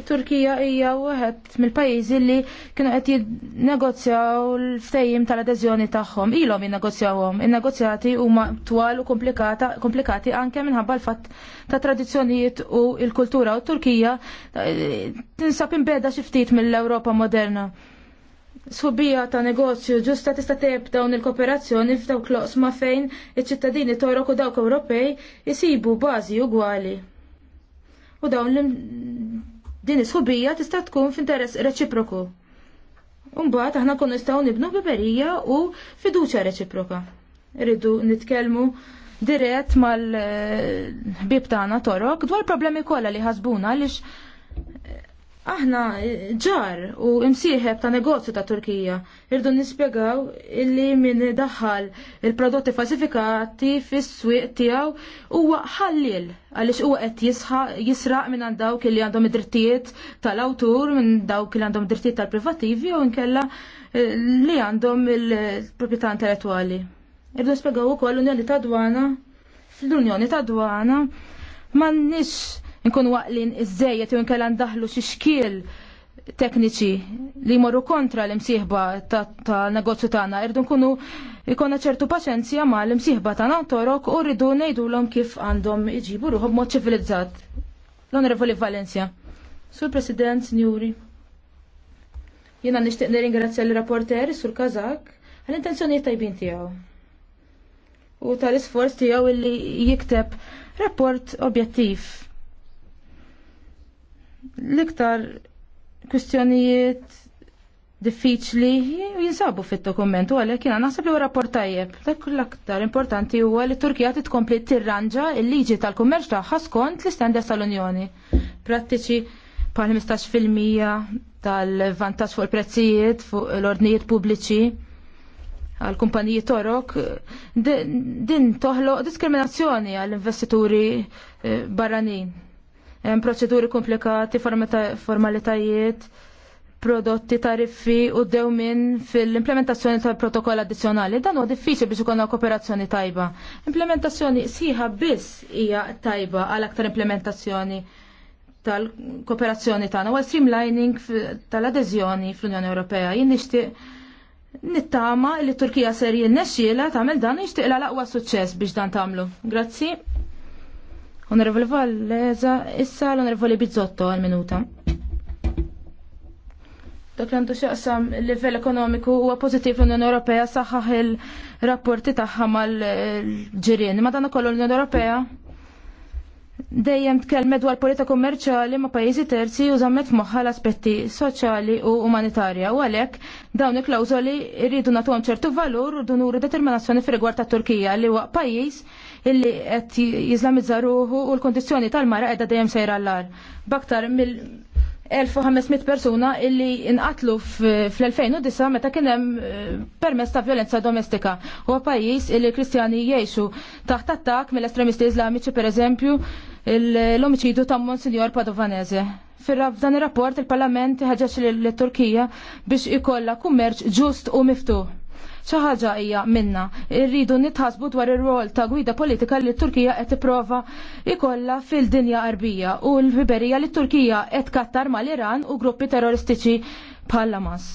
Turkija hija wieħed mill-pajjiżi li kienu qed jinnegozjaw l ftehim tal-adeżjoni tagħhom. Ilhom jinnegozjawhom. In-negozjati huma twal u komplikati anke minħabba l-fatt ta' tradizzjonijiet u l-kultura u Turkija eh, tinsab imbeda xi ftit mill-Ewropa moderna. Subija ta' negozju ġusta tista' tebda dawn il-kooperazzjoni f'dawk ma fejn iċ-ċittadini torok u dawk Ewropej isibu bażi ugwali. U dawn Din is-ħubija tista' tkun f'interess reċiproku. Umbagħad aħna kon nistgħu nibnu biberija u fiduċja reċiproka. Rridu nitkellmu dirett mal-ħbib tagħna torok dwar problemi kollha li ħasbuna għaliex aħna ġar u imsieħeb ta' negozju ta' Turkija irdu nispjegaw illi minn daħħal il-prodotti falsifikati fis-swieq tiegħu huwa ħallil għaliex huwa qed jisraq minn dawk li għandhom id-drittijiet tal-awtur minn dawk li għandhom id-drittijiet tal-privattivi u nkella eh, li għandhom il-proprjetà intellettwali. Irdu nispjegaw ukoll l-Unjoni ta' Dwana fl-Unjoni ta' Dwana m'għandniex nkun waqlin iż jew inkella ndaħlu xi xkiel tekniċi li jmorru kontra l-imsieħba ta' negozju tagħna irdu nkunu ikonna ċertu paċenzja ma' l-imsieħba tagħna torok u rridu ngħidulhom kif għandhom iġibu ruħu b'mod ċivilizzat. L-Onorevoli Valencia. Sur President, Njuri. Jiena nixtieq nirringrazzja l-rapporter sur Kazak għal intenzjonijiet tajbin tiegħu. U tal-isforz tiegħu illi jikteb rapport objettiv L-iktar kwistjonijiet diffiċli jinsabu fit-dokument u għalhekk jiena naħseb li u rapportajjeb. Dak l-aktar importanti huwa li Turkija titkompli tirranġa il liġi tal-kummerċ tagħha skont l-istandards tal-Unjoni. Prattiċi bħal 15% tal-vantaġġ fuq il-prezzijiet fuq l-ordnijiet pubbliċi għal kumpaniji torok din toħloq diskriminazzjoni għall investituri eh, barranin hemm proċeduri komplikati, formalitajiet, prodotti tariffi u dew minn fil-implementazzjoni tal-protokoll addizzjonali. Dan huwa diffiċli biex ikolna kooperazzjoni tajba. Implementazzjoni sħiħa biss hija tajba għal aktar implementazzjoni tal-kooperazzjoni tagħna u streamlining tal-adeżjoni fl-Unjoni Ewropea. Jien nixtieq nittama li Turkija ser jinnexxiela tagħmel dan u nixtieq l aqwa suċċess biex dan tagħmlu. Grazzi. Onorevoli Valleza, issa l-Onorevoli Bizzotto għal-minuta. Dak għandu xaqsam il-livell ekonomiku huwa pożittiv l-Unjoni Ewropea saħħaħ il-rapporti tagħha mal-ġirien. Ma dana kollu l-Unjoni Ewropea dejjem tkellem dwar politika kummerċjali ma' pajjiżi terzi u żammet f'moħħa l-aspetti soċjali u umanitarja u għalhekk dawn il-klawżoli rridu nagħtuhom ċertu valur u dunuru determinazzjoni fir-rigward tat-Turkija li huwa pajjiż illi qed jiżlamizza ruħu u l-kondizzjoni tal-mara qiegħda dejjem sejra l-ar. Baktar mill 1500 persuna illi inqatlu fl-2009 meta kien hemm eh, permess ta' violenza domestika. Huwa pajjiż illi l-Kristjani jgħixu taħt attak mill-estremisti Iżlamiċi pereżempju l-omiċidu ta' Monsignor Padovanese. Fir-rab ir-rapport il-Parlament ħaġax l-Turkija biex ikollha kummerċ ġust u miftuħ Xi ħaġa hija minna. Irridu nitħasbu dwar ir-rol ta' gwida politika li t-Turkija qed tipprova ikolla fil-dinja qarbija u l-ħiberija li t-Turkija qed kattar mal-Iran u gruppi terroristiċi bħal Hamas.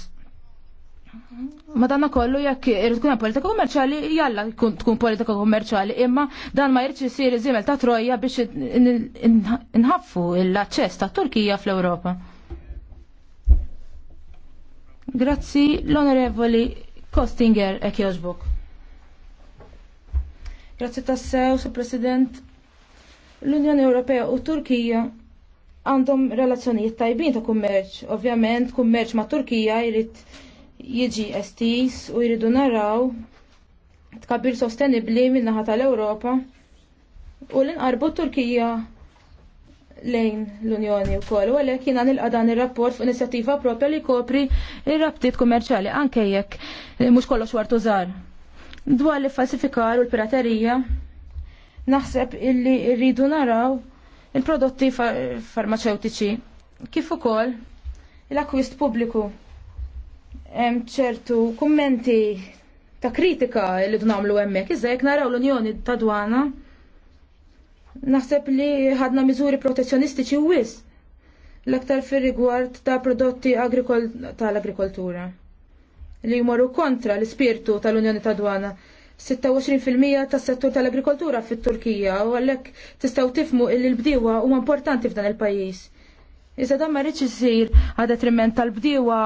Madanna kollu jekk irid tkun politika kummerċjali jalla tkun politika kummerċjali imma dan ma jridx isir iżimel ta' trojja biex inħaffu l-aċċess ta' Turkija fl-Ewropa. Grazzi l-Onorevoli Kostinger ek joġbok. Grazzi tassew, su President. L-Unjoni Ewropea u Turkija għandhom relazzjonijiet tajbin ta' kummerċ. Ovvjament, kummerċ ma' Turkija jrid jiġi estis u jridu naraw tkabbir sostenibli min-naħa tal-Ewropa u l-inqarbu Turkija lejn l-Unjoni u kol, U għalek jina nilqa dan il-rapport fuq inizjattiva propja li kopri il-rabtiet kummerċali, anke jekk mux kollox wartu zar. Dwar li falsifikar u l-piraterija, naħseb illi rridu naraw il-prodotti farmaceutiċi. Kif ukoll l-akwist pubbliku. Hemm ċertu kummenti ta' kritika li dnamlu hemmhekk, iżda jekk naraw l-Unjoni ta' dwana Naħseb li ħadna miżuri protezzjonistiċi u wis l-aktar fir-rigward ta' prodotti tal-agrikoltura li jmorru kontra l-ispirtu tal-Unjoni ta' Dwana. 26% tas-settur tal-agrikoltura fit-Turkija u għalhekk tistaw tifmu li l bdiwa huma importanti f'dan il-pajjiż. Iżda dan ma rridx isir għadha tal bdiwa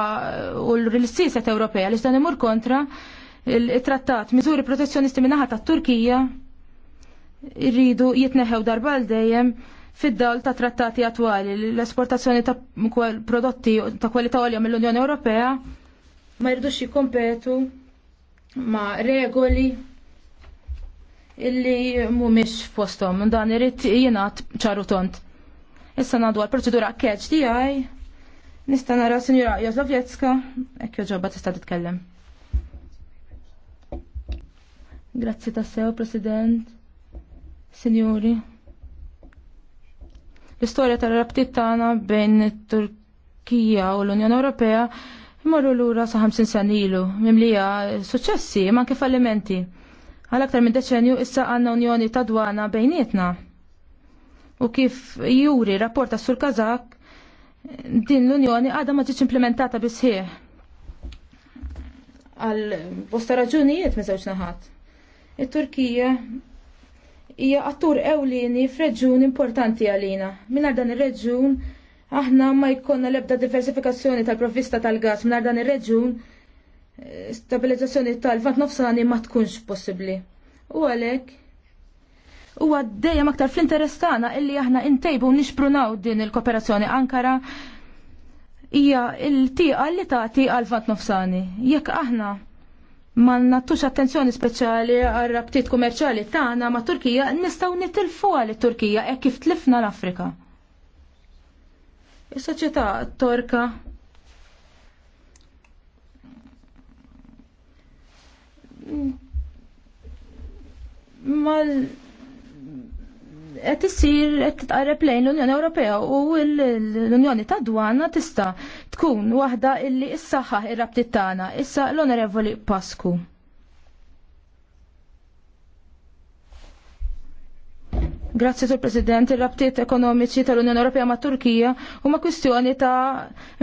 u l-istisa Ewropea li dan imur kontra il-trattat miżuri protezzjonisti minnaħat tat-Turkija irridu jitneħew darba l dejjem fid-dal ta' trattati attwali l-esportazzjoni ta' prodotti ta' kwalità għolja mill-Unjoni Ewropea ma jridux jikompetu ma' regoli illi mumiex f'postom dan irid jingħat ċaru tont. Issa nagħdu għall proċedura catch tiegħi. Nista' nara Sinjura Jozlovjetska, hekk ġobba tista' titkellem. Grazzi tassew, President. Signori, L-istorja tal-rabtiet tagħna bejn it-Turkija u l-Unjoni Ewropea imorru lura sa 50 sen ilu, mimlija suċċessi ma kif fallimenti. Għal aktar minn deċenju issa għandna unjoni ta' dwana bejnietna. U kif juri rapporta sur Kazak, din l-unjoni għadha ma ġietx implementata bisħieħ għal bosta raġunijiet minn żewġ naħat. It-Turkija hija attur ewlieni f'reġjun importanti għalina. Mingħajr dan ir-reġjun aħna ma jkollna l-ebda diversifikazzjoni tal-provvista tal-gas mingħajr dan ir-reġjun eh, stabilizzazzjoni tal-fant nofsani ma tkunx possibbli. U għalhekk huwa dejjem aktar fl-interess tagħna illi aħna ntejbu nixprunaw din il-kooperazzjoni Ankara hija l-tieqa li tagħti għal fant nofsani. Jekk aħna ma nattux attenzjoni speċjali għal rabtiet kummerċjali tagħna ma' Turkija nistgħu nitilfu għal turkija hekk kif tlifna l-Afrika. Is-soċjetà Torka mm. mal qed issir qed titqareb lejn l-Unjoni Ewropea u l-Unjoni ta' Dwana tista' tkun waħda illi issaħħaħ ir-rabtiet tagħna. Issa l-Onorevoli Pasku. Grazzi Sur President, ir-rabtiet ekonomiċi tal-Unjoni Ewropea ma' Turkija huma kwistjoni ta'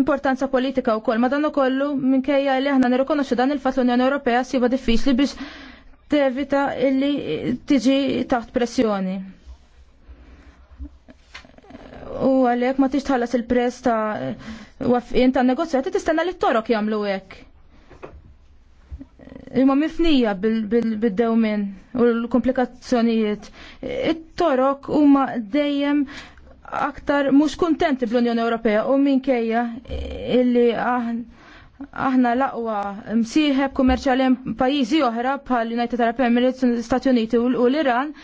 importanza politika wkoll. Ma dan kollu minkejja li aħna nirrikonoxxu dan il-fatt l-Unjoni Ewropea siba diffiċli biex tevita illi tiġi taħt pressjoni u għalek ma tix tħallas il-press ta' waffin ta' negozjati tistenna li t-torok jamlu għek. Imma mifnija bil-dewmin u l-komplikazzjonijiet. It-torok huma dejjem aktar mhux kuntenti bl-Unjoni Ewropea u minkejja illi aħna laqwa msiħeb msieħeb pajizi pajjiżi oħra bħal United Arab Emirates, Stati Uniti u l-Iran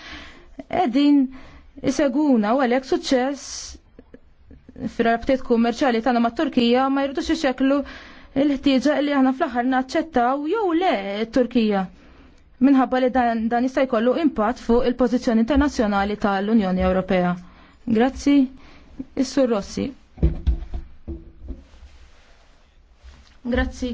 qegħdin iseguna u għalek suċċess fil rabtiet kummerċali tagħna mat-Turkija ma jridux ixeklu l-ħtieġa li aħna fl-aħħar naċċettaw jew le t-Turkija. Minħabba li dan, dan jista' jkollu impatt fuq il-pożizzjoni internazzjonali tal-Unjoni Ewropea. Grazzi, Is-Sur Rossi. Grazzi.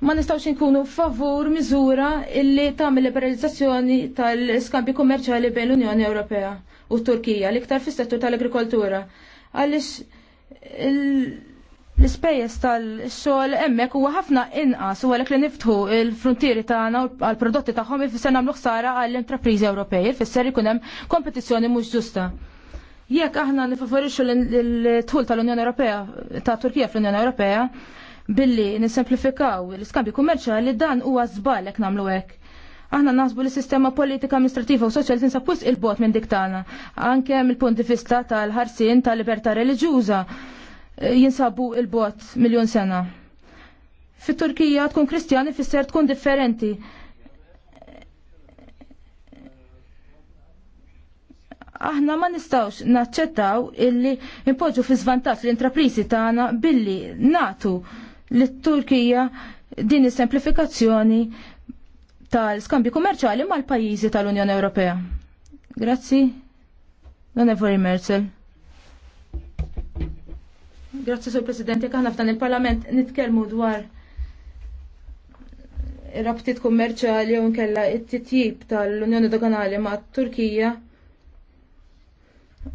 Ma nistawx inkunu favur miżura illi tagħmel liberalizzazzjoni tal iskambi kummerċjali bejn l-Unjoni Ewropea u t Turkija l-iktar fis-settur tal-agrikoltura għaliex l-ispejjeż tal-xogħol hemmhekk huwa ħafna inqas u għalhekk li niftħu l-frontieri tagħna għall prodotti tagħhom ifisser nagħmlu ħsara għall-intrapriżi Ewropej, ifisser ikun hemm kompetizzjoni mhux ġusta. Jekk aħna nifavorixxu l-tħul tal-Unjoni Ewropea ta' Turkija fl-Unjoni Ewropea, billi nisemplifikaw l-iskambju kummerċali dan huwa żball jekk nagħmlu hekk. Aħna nasbu li sistema politika, amministrativa u soċjal tinsab wisq il-bot minn diktana. Anke mill-punt di vista tal-ħarsien tal-libertà reliġjuża eh, jinsabu il-bot miljon sena. Fit-Turkija tkun kristjani fisser tkun differenti. aħna ma nistawx naċċettaw illi impoġġu fi żvantaġġ l-intraprisi tagħna billi natu t turkija din is-semplifikazzjoni tal-skambju kummerċali mal-pajjiżi tal-Unjoni Ewropea. Grazzi. l Evori Merzel. Grazzi, Sur Presidente, kħana f'dan il-Parlament nitkellmu dwar rabtiet kummerċali u nkella it-titjib tal-Unjoni Doganali ma' Turkija.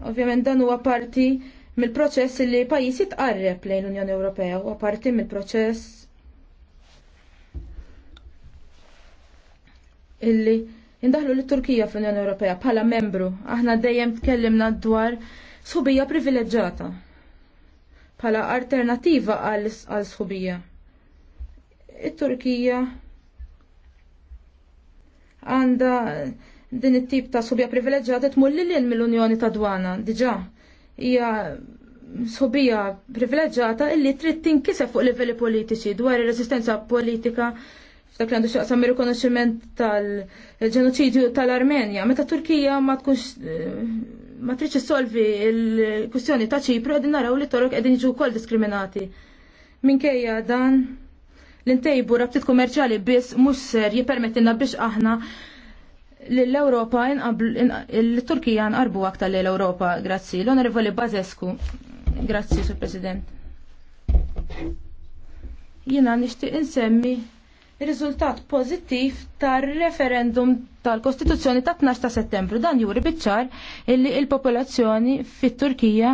Ovvjament dan huwa parti mill-proċess li pajjiż jitqarreb lejn l-Unjoni Ewropea, huwa parti mill-proċess illi indaħlu l Turkija fl-Unjoni Ewropea bħala membru. Aħna dejjem tkellimna dwar sħubija privileġġata bħala alternativa għal sħubija. It-Turkija għanda din it-tip ta' subja privileġġjata tmur lil mill-Unjoni ta' Dwana, diġa' Hija subija privileġġjata illi trid tinkiseb fuq livelli politiċi dwar ir-resistenza politika dak li għandu xaqsam ir-rikonoxximent tal-ġenoċidju tal-Armenja. Meta Turkija ma tkunx eh, ma triċi solvi il-kwistjoni ta' ċipru għedin naraw li torok qegħdin jiġu wkoll diskriminati. Minkejja dan l-intejbu rabtit komerċali biss mhux ser jippermettilna biex aħna l-Europa l-Turkija nqarbu aktar l-Europa, grazzi. L-Onorevoli Bazescu, grazzi, Sur President. Jina nishtiq insemmi riżultat pożittiv tar-referendum tal-Kostituzzjoni ta' 12 ta' Settembru. Dan juri biċċar illi il-popolazzjoni fit-Turkija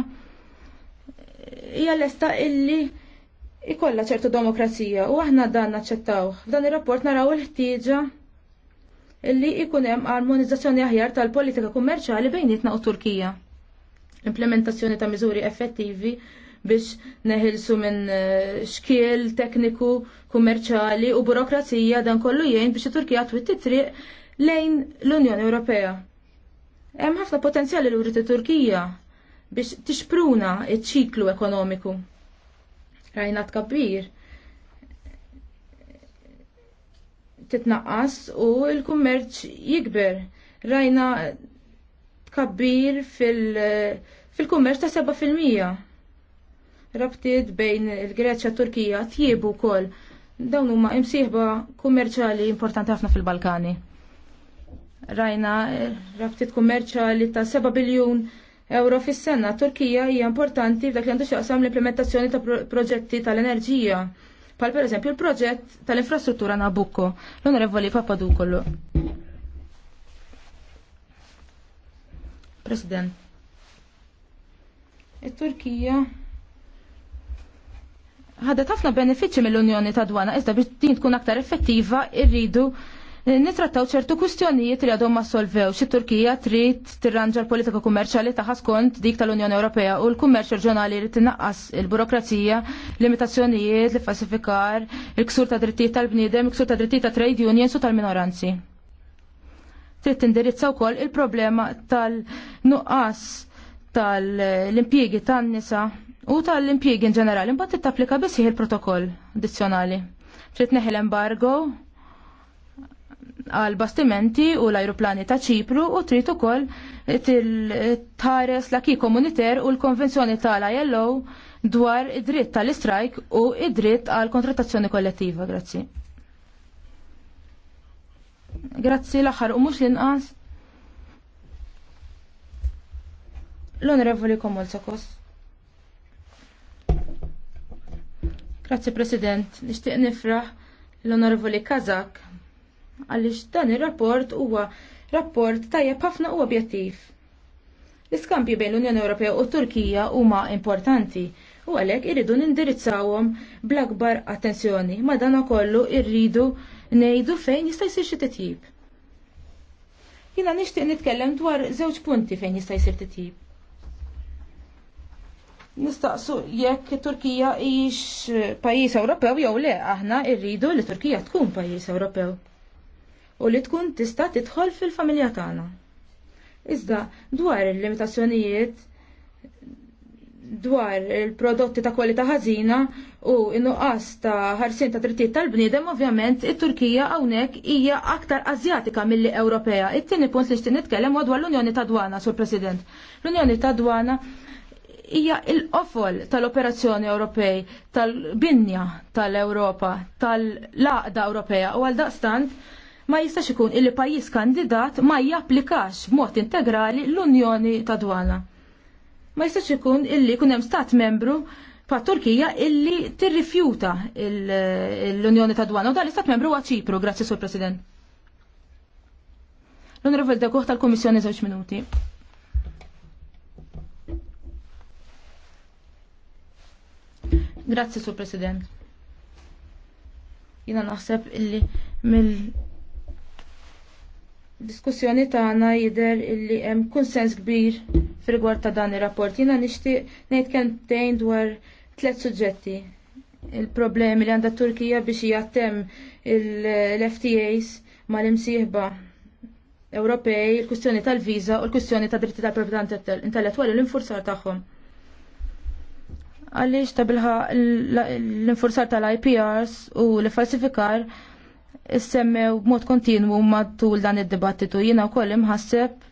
hija lesta illi ikolla ċertu demokrazija u aħna dan naċċettaw. F'dan ir-rapport naraw il-ħtieġa illi ikun hemm armonizzazzjoni aħjar tal-politika kummerċjali bejnietna u Turkija. Implementazzjoni ta' miżuri effettivi biex neħilsu minn eh, xkiel tekniku, kummerċali u burokrazija dan kollu jgħin biex it-Turkija twitti triq lejn l-Unjoni Ewropea. Hemm ħafna potenzjali l wrid turkija biex tixpruna iċ-ċiklu ekonomiku. Rajna tkabbir. Titnaqqas u l-kummerċ jikber. Rajna tkabbir fil- fil-kummerċ ta' 7%. Rabtiet bejn il-Greċja Turkija tjiebu wkoll dawn huma imsieħba kummerċali importanti ħafna fil-Balkani. Rajna eh, rabtiet kummerċali ta' 7 biljun euro fis-sena. Turkija hija importanti f'dak li għandu xaqsam l-implementazzjoni ta' proġetti tal-enerġija. Pal per eżempju l proġett tal-infrastruttura Nabucco. L-Onorevoli Papadu kollu. President. It-Turkija e ħadet ħafna benefiċċji mill-Unjoni ta' Dwana, iżda biex din tkun aktar effettiva irridu eh, nitrattaw ċertu kustjonijiet li għadhom ma solvew xi Turkija trid tirranġa l-politika kummerċjali tagħha skont dik tal-Unjoni Ewropea u l-kummerċ reġjonali li tinnaqqas il-burokrazija, limitazzjonijiet li falsifikar, il-ksur ta' drittijiet tal-bniedem, il-ksur ta' drittijiet ta' trade unions u tal-minoranzi. Trid tindirizzaw wkoll il-problema tal-nuqqas tal-impjiegi tan-nisa u tal-impjiegi in ġenerali mbagħad tittapplika biss il-protokoll addizzjonali. Trid neħi l-embargo għal bastimenti u l-ajruplani ta' ċipru u trid ukoll tħares l-aki komuniter u l-konvenzjoni tal-ILO dwar id-dritt tal-istrajk u id-dritt għal kontrattazzjoni kollettiva. Grazzi. Grazzi l-aħħar u mhux l-inqas. L-Onorevoli Komol Sokos. Grazie President, nixtieq nifraħ l onorvoli Kazak għaliex dan ir-rapport huwa rapport tajjeb ħafna u objettiv. l iskampju bejn l-Unjoni Ewropea u Turkija huma importanti u għalhekk irridu nindirizzawhom bl-akbar attenzjoni, ma dan kollu irridu ngħidu fejn jista' jsir xi titjib. Jiena nixtieq nitkellem dwar żewġ punti fejn jista' jsir titjib nistaqsu jekk Turkija hijiex pajjiż Ewropew jew le aħna rridu li Turkija tkun pajjiż Ewropew u li tkun tista' tidħol fil-familja tagħna. Iżda dwar il-limitazzjonijiet dwar il-prodotti ta' kwalità ħażina u n-nuqqas ta' ħarsien ta' drittijiet tal-bniedem, ovvjament it-Turkija hawnhekk hija aktar Azjatika milli Ewropea. It-tieni punt li xtin nitkellem huwa dwar l-Unjoni ta' Dwana, Sur President. L-Unjoni ta' Dwana hija il-qofol tal-operazzjoni Ewropej, tal-binja tal-Ewropa, tal-laqda Ewropea u għal daqstant ma jistax ikun il pajjiż kandidat ma japplikax b'mod integrali l-Unjoni ta' Dwana. Ma jistax ikun illi kun hemm stat membru pa' Turkija illi tirrifjuta l-Unjoni ta' Dwana u dan l-istat membru huwa Ċipru, grazzi sur President. L-Onorevole Dekuħ tal-Komissjoni żewġ minuti. Grazzi, Sur President. Jina naħseb illi mill diskussjoni tagħna jidher illi hemm kunsens kbir fir ta' dan ir-rapport. Jiena nixtieq ngħid kemmtejn dwar tliet suġġetti. Il-problemi li għandha Turkija biex hija l-FTAs mal-imsieħba Ewropej, il-kwistjoni tal-viża u l-kwistjoni tal dritti tal-proprjetà intellettwali u l-infurzar tagħhom għaliex ta' bilħa l-infurzar tal-IPRs u l-falsifikar semmew b'mod kontinwu matul dan id-dibattitu jina u kollim imħasseb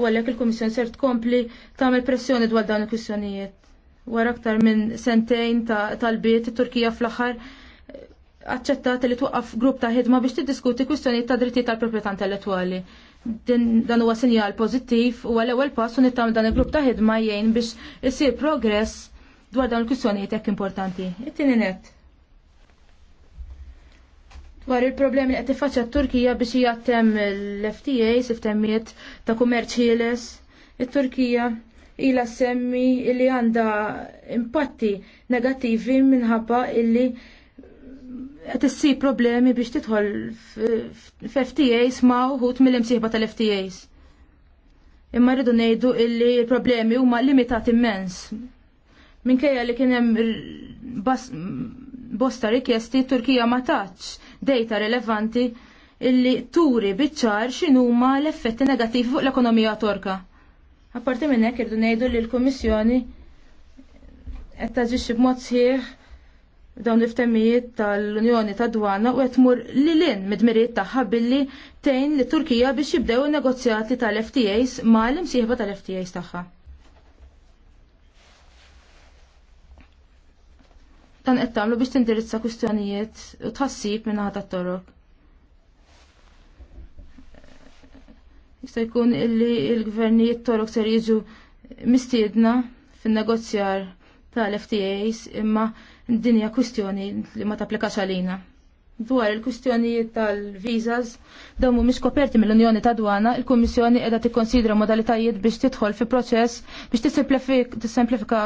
u għallek il komissjon ser tkompli tagħmel pressjoni dwar dawn il-kwistjonijiet. Wara aktar minn sentejn tal-biet it-Turkija fl-aħħar aċċettat li twaqqaf grupp ta' ħidma biex t-diskuti kwistjonijiet ta' dritti tal-proprjetà intellettwali dan huwa sinjal pożittiv u għal-ewwel pass u nittam dan il-grupp ta' ħidma jgħin biex isir progress dwar dawn il-kwistjonijiet hekk importanti. It-tieni net. Dwar il-problemi li qed tiffaċċja t-Turkija biex hija temm l-FTA siftemmiet ta' kummerċ ħieles. It-Turkija ila semmi li għandha impatti negattivi minħabba illi qed issi problemi biex tidħol f'FTAs ma' uħut mill-imsieħba tal-FTAs. Imma rridu ngħidu illi l-problemi huma limitat immens. Minkejja li kien hemm bosta rikjesti Turkija ma taċ dejta rilevanti illi turi biċċar x'inhuma l-effetti negativi fuq l-ekonomija torka. Apparti minn hekk irdu ngħidu li l-Kummissjoni qed taġixxi b'mod sħiħ dawn il iftemijiet tal-Unjoni ta' Dwana u għetmur li l-in mid-miriet taħħa billi tejn li Turkija biex jibdew negozjati tal-FTAs ma' l-imsieħba tal-FTAs taħħa. Dan qed tagħmlu biex tindirizza kwistjonijiet u tħassib min-ħata t torok Jista' jkun illi l-gvernijiet torok ser jiġu mistiedna fin-negozjar tal-FTAs imma din hija kwistjoni li ma tapplikax għalina. Dwar il-kwistjonijiet tal-vizas dawn mhumiex koperti mill-Unjoni ta' Dwana, il-Kummissjoni qiegħda tikkonsidra modalitajiet biex tidħol fi proċess biex tissemplifika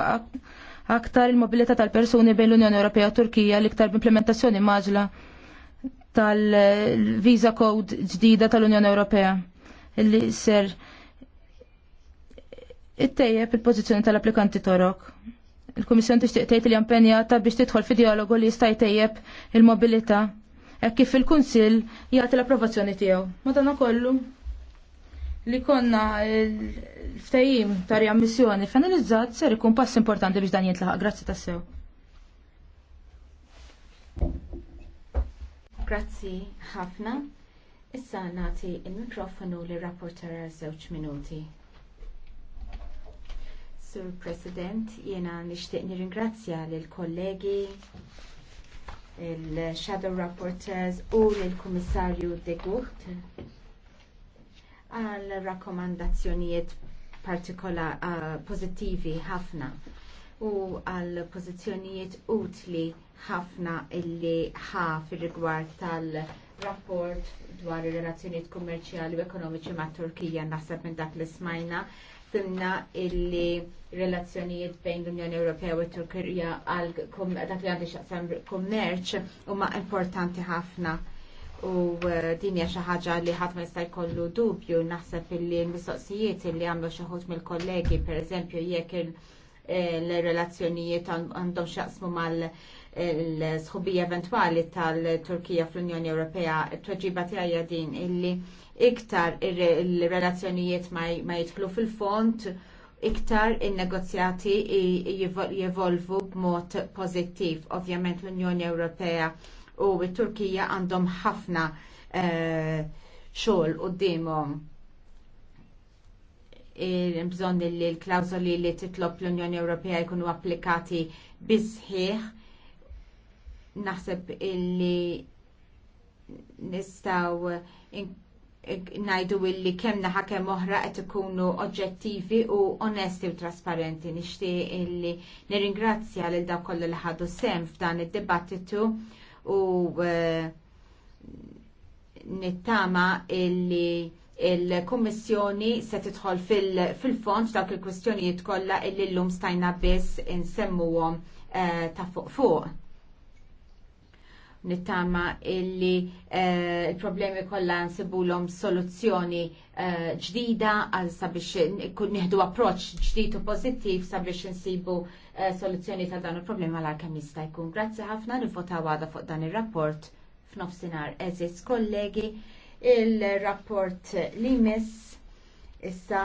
aktar il-mobilità tal-persuni bejn l-Unjoni Ewropea u Turkija l-iktar b'implementazzjoni maġla tal-Visa Code ġdida tal-Unjoni Ewropea li ser it-tejjeb il-pożizzjoni tal-applikanti torok il komissjon tixtieq tgħid li impenjata biex tidħol fi dialogu li jista' jtejjeb il-mobilità hekk kif il-Kunsill jagħti l-approvazzjoni tiegħu. Madankollu li konna l-ftajim ta' riammissjoni finalizzat ser ikun pass importanti biex dan jitlaħaq. Grazzi tassew. Grazzi ħafna. Issa nagħti il-mikrofonu lir rapporter żewġ minuti. Sur President, jiena nixtieq nirringrazzja lill kollegi il-Shadow Rapporteurs u lill-Kummissarju De Gucht għal rakkomandazzjonijiet partikola uh, pozittivi ħafna u għal pożizzjonijiet utli ħafna illi ħa fil rigward tal- rapport dwar ir-relazzjonijiet kummerċjali u ekonomiċi mat Turkija naħseb minn dak li smajna simna illi relazzjonijiet bejn l-Unjoni Ewropea u Turkija għal dak li għandi xaqsam kummerċ huma importanti ħafna u eh, din hija xi ħaġa li ħadd ma jista' jkollu dubju naħseb illi l-mistoqsijiet illi għamlu xi mill-kollegi pereżempju jekk il-relazzjonijiet eh, għandhom xaqsmu mal- l-sħubija eventwali tal-Turkija fl-Unjoni Ewropea, t-tweġiba tiegħi din illi iktar il-relazzjonijiet ma jitħlu fil-font, iktar il-negozjati b b'mod pozittiv. Ovvjament l-Unjoni Ewropea u t-Turkija għandhom ħafna eh, xogħol dimom bżonn li l klawzoli li titlob l-Unjoni Ewropea jkunu applikati bizħiħ naħseb illi nistaw najdu illi kemm naħa kemm oħra qed ikunu oġġettivi u onesti u trasparenti. Nixtieq illi nirringrazzja lil daw kollu li ħadu sem f'dan id-dibattitu u e, nittama illi il-Kommissjoni se tidħol fil-fond dawk il-kwistjonijiet kollha illi llum stajna biss insemmuhom e, ta' fuq fuq nittama illi eh, il-problemi kollha nsibulhom soluzzjoni eh, ġdida għal sabiex nieħdu approċċ ġdid u pożittiv sabiex insibu eh, soluzzjoni ta' dan il-problema għal kemm jista' jkun. Grazzi ħafna nivvotaw għada fuq dan ir-rapport f'nofsinhar eżis kollegi il-rapport li miss issa